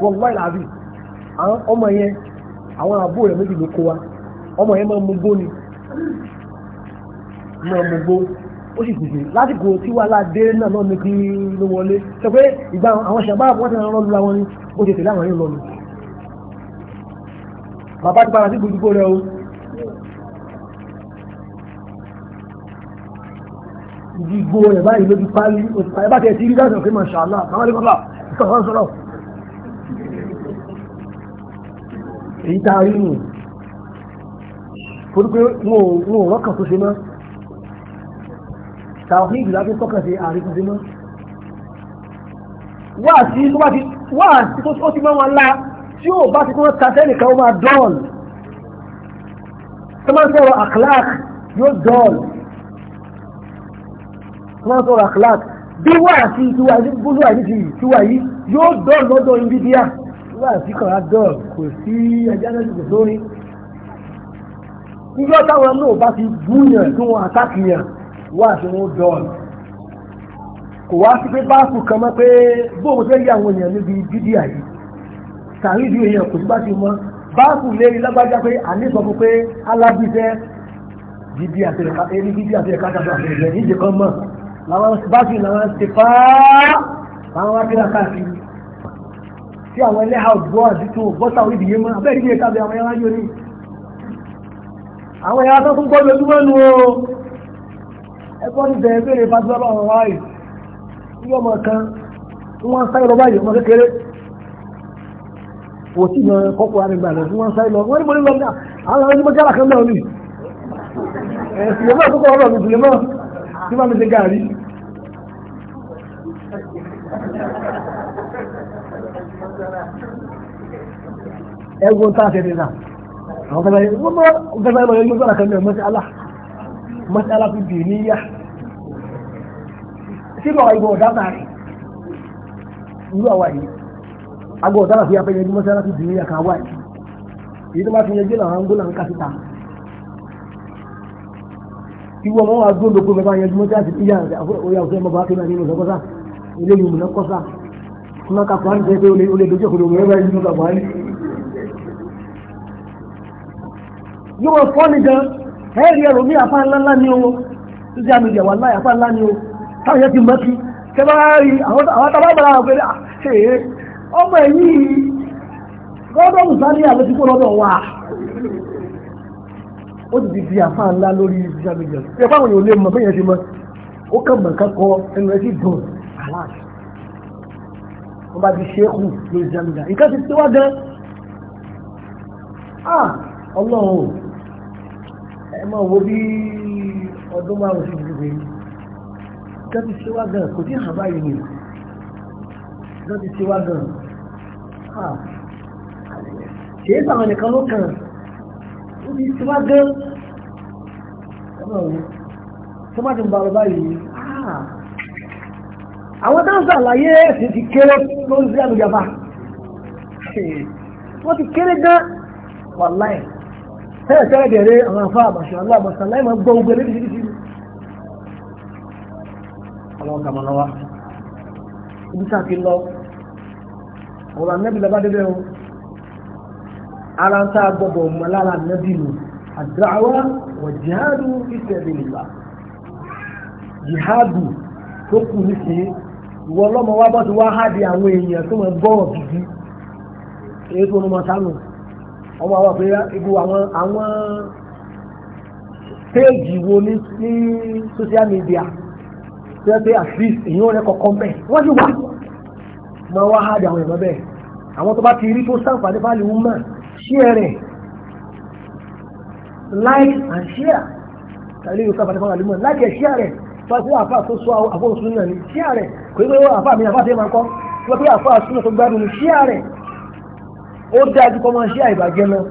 wọn wá ìlàbí àwọn ọmọ yẹn àwọn àbúrò rẹ méjì ló kó wa ọmọ yẹn máa mú gbó ni máa mú gbó ó sì gbèsè lásìkò tí wàá ládé náà náà ní kí ló wọlé sọ pé ìgbà àwọn ṣàbá àbúrò tí wọn lọ lu ni ó ti tẹ̀lé àwọn yóò lọ bàbá ti padà sí gbogbo rẹ̀ o ìdìgbò rẹ̀ báyìí ló ti parí òtùpá ẹ bá tẹ̀ sí rí dáhùn pé masha Allah sàmárì kọ́lá ìkọ̀ọ̀kan sọ̀rọ̀ èyí tá a rí nù torí pé wọn ò rọ́kàn tó ṣe mọ́ tàwọn ìgbìlá tó tọ́kàn sí àárín tó ṣe mọ́ wáàsí tó ti mọ́ wọn lá tí ó bá ti tí wọ́n ta sẹ́nìkan ó máa dọ́ọ̀lù tí wọ́n sọ̀rọ̀ àkàlák yóò dọ́ọ̀lù tí wọ́n sọ̀rọ̀ àkàlák bí wà sí tiwa yìí búlú àyíjì tiwa yìí yóò dọ́ọ̀lù lọ́dọ̀ ibi díà wà sí kàrá dọ́ọ̀lù kò sí ẹja náà kò sórí. níjọ́ táwọn náà bá ti búyàn tí wọ́n àtàkì yàn wà sí wọn dọ́ọ̀lù kò wá sí pé báàkù kan mọ́ pé bóun fẹ́ yí àwọn èèyàn níbi dídí àyè tàrídù èèyàn kò sí bá ti mọ́ báàkù lérí lágbájá pé àníṣọ fún pé alábíṣẹ́ gidi àti ẹni gidi àti ẹ̀ka àti àti ẹ̀jẹ̀ níjẹ̀ kan mọ̀ làwọn báàkì làwọn ti fà á làwọn wákìlá káàkiri tí àwọn ẹlẹ́hà gbọ́ àdìtò bọ́tà orí ìdíyé mọ́ abẹ́rẹ́ ìdíyé kábẹ́ àwọn ẹ̀rọ ayé orí àwọn ẹ̀rọ tó tún gbọ́dọ̀ ojúmọ́ nu o ẹgbọ́n ti bẹ̀rẹ̀ bẹ̀rẹ̀ fásitì ọlọ́run wáyé ní ọmọ kan wọ́n sáré lọ báyìí ọmọ kékeré fòtí lọ kọ́kọ́ àrẹ̀gbà lọ fún wọn sáré lọ wọ́n ní mo ní lọ́gbà àwọn ọmọ kára kan náà ní ẹ̀sìnlẹ̀mọ́ tó kọ́ ọ̀rọ̀ mi sílẹ̀mọ́ tí wọ́n mi ṣe gàrí. ẹgbọn tá a ṣe nìyà àwọn gbẹgbẹ yìí wọ́n mọ gbẹgbẹ yìí lọ yẹn gbẹgbẹ kan náà mọ́tí alá mọ́tí alá fi bì níyà síbọ̀ ìwọ̀ ọ̀dá náà rí agbọ̀n sábà fi afẹ́yẹjú mọ́sálásí bìnrin àkà wáì èyí tó bá fi yẹjú làwọn angólà ń ká síta ìwọ ọmọ wa gbọ́dọ̀ pé bàbá yẹjú mọ́sálásí ìyá òyà òfin ọmọ bàbá kéwàá nínú ìsọkọ́sá ilé ìwé ìmúná kọ́sá kuma ka kwan tẹ pé o lè dojú òkòdò òwúrẹ́ báyìí nínú bàbá yìí. yóò wọ fọ́ọ̀nì gan ẹ̀ẹ́rì ẹ̀rọ mi àfa ńlá ńlá ni o sísè àmì ọmọ yìí gọ́dọ̀ musari àlọ́ ti kó lọ́dọ̀ wà ó ti di di àfa ńlá lórí social media ṣe fáwọn èèyàn ò lè mọ bẹ́ẹ̀ yẹn ṣe mọ ó kàn mọ̀ kankan ẹnu ẹ sì dùn aláàṣẹ wọ́n bá di ṣéèkù lórí social media nǹkan ti tẹ́wọ́ gan ah ọlọ́run ẹ máa wo bí ọdún márùn-ún sí ìdílé yìí nǹkan ti tẹ́wọ́ gan kò tí ì hàn báyìí nìyí nǹkan ti tẹ́wọ́ gan. Ah. ṣe é sàwọn nìkan ló kàn níbi tí wá gán tó má ti ń ba ah. ọba àwọn ẹ̀sìn ti kéré ló ń sí wọ́n ti kéré gán bẹ̀rẹ̀ àwọn láì máa gbọ́ ogun ibi ọ̀rọ̀ anábì lọ́ba débẹ̀ o ara ń tá a gbọ́dọ̀ mọ lára anábì nù àdáwà wọ̀ jihadu fisabilillah jihadu tó kù nísìnyí ìwọ ọlọ́mọ wa bọ́ ti wá hádi àwọn èèyàn tó mọ bọ́ọ̀ gidi èyí tó ń mọ sánú ọmọ àwọn àpẹẹrẹ ibu àwọn àwọn péèjì wo ní sí social media tó yẹ pé àfi èyí ò rẹ kọ̀ọ̀kan bẹ́ẹ̀ wọ́n ti wà mọ wá hájà àwọn èèyàn bẹ́ẹ̀ àwọn tó bá ti rí tó sàǹfààní fáàlì wúmà share rẹ̀ like and share tàbí yóò sàǹfààní fáàlì wúmà like and share rẹ̀ fásitì àfà tó sọ àfọwọ́sùn náà ni share rẹ̀ kò ní pé àfà mi àfà tó yẹ máa kọ́ wọ́n pé àfà súnmọ́ tó gbádùn ni share rẹ̀ ó dájú kọ́ máa share ìbàjẹ́ náà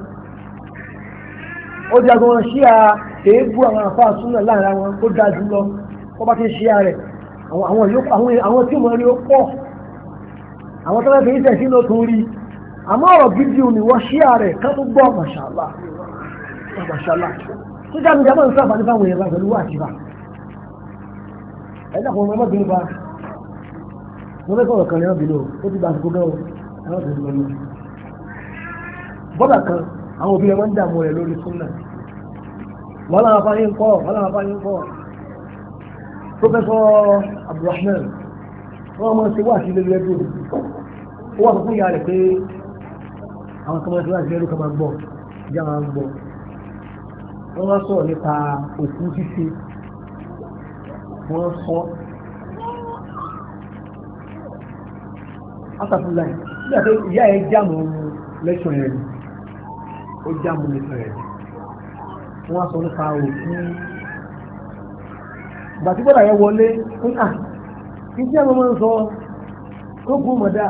ó dájú wọn share èébú àwọn àfà súnmọ́ láàrin àwọn ó dájú lọ wọ́n bá ti share rẹ̀ àwọn tí mo rí ó pọ̀ àwọn tó bá fi ìṣẹ̀ sínú tó rí àmọ́ ọ̀rọ̀ gidi ò ní wọ́n ṣíà rẹ̀ ká tó gbọ́ màṣálà màṣálà tó jáde ìjà máa ń sábà nípa àwọn èèyàn pẹ̀lú àtìbà ẹ̀dá kan ọmọ bínú bá wọ́n fẹ́ sọ̀rọ̀ kan ní ọ̀bìnú ó ti gba àsìkò gan ẹ̀rọ tó ń lọ lọ bọ́dà kan àwọn òbí rẹ̀ wọ́n ń dààmú rẹ̀ lórí súnà wọ́n wọ́n ó wà fún ìyá rẹ̀ pé àwọn kan máa ti wá sí ẹrú kan máa gbọ́ ìjà máa ń gbọ́ wọ́n wá sọ̀rọ̀ nípa òkú ṣíṣe wọ́n sọ afterfly nígbà tó ìyá ẹ̀ jáàmù lẹ́sọ̀ rẹ̀ ni ó jáàmù lẹ́sọ̀ rẹ̀ ni wọ́n wá sọ nípa òkú gbàtígbọ́dà yẹn wọlé ń à ìjẹ́ àwọn ọmọ ń sọ tó mọ̀dá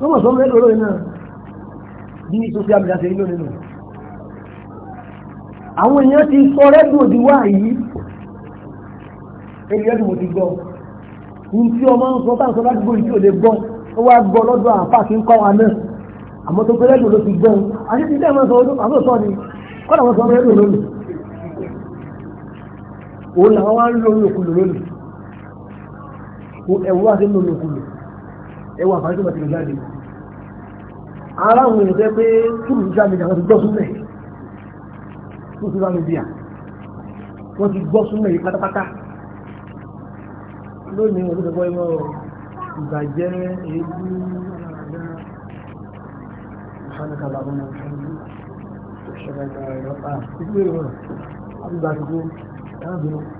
wọ́n mọ̀ sọ́mọ́ lórí náà bí social media ṣe rí lónìí nù àwọn èèyàn ti sọ rẹ́dùn òdì wá yìí èyí rẹ́dùn òdì gbọ́ ní tí ọmọ ń sọ táǹsọ láti gbọ́ ìdí òde gbọ́ ó wá gbọ́ lọ́dọ̀ àpá kí ń kọ́ wa náà àmọ́ tó pé rẹ́dùn ló ti gbọ́ àti ti dẹ́ mọ́sọ ọdún àbúrò sọ ni kọ́nà wọn sọ rẹ́dùn lónìí òun làwọn wá ń lórí òkúlò lónìí ẹ̀wọ́ wá sí ẹwà àǹfààní tó bá ti lè jáde ara àwọn èèyàn jẹ́ pé túrù ti jáde àwọn ti gbọ́ súnmẹ̀ tó ti bá mi bíà wọ́n ti gbọ́ súnmẹ̀ yìí pátápátá lónìí wọ́n ti fẹ́ gbọ́ ẹmọ ìbàjẹ́ èébú سبحانك اللهم وبحمدك اشهد ان لا اله الا انت استغفرك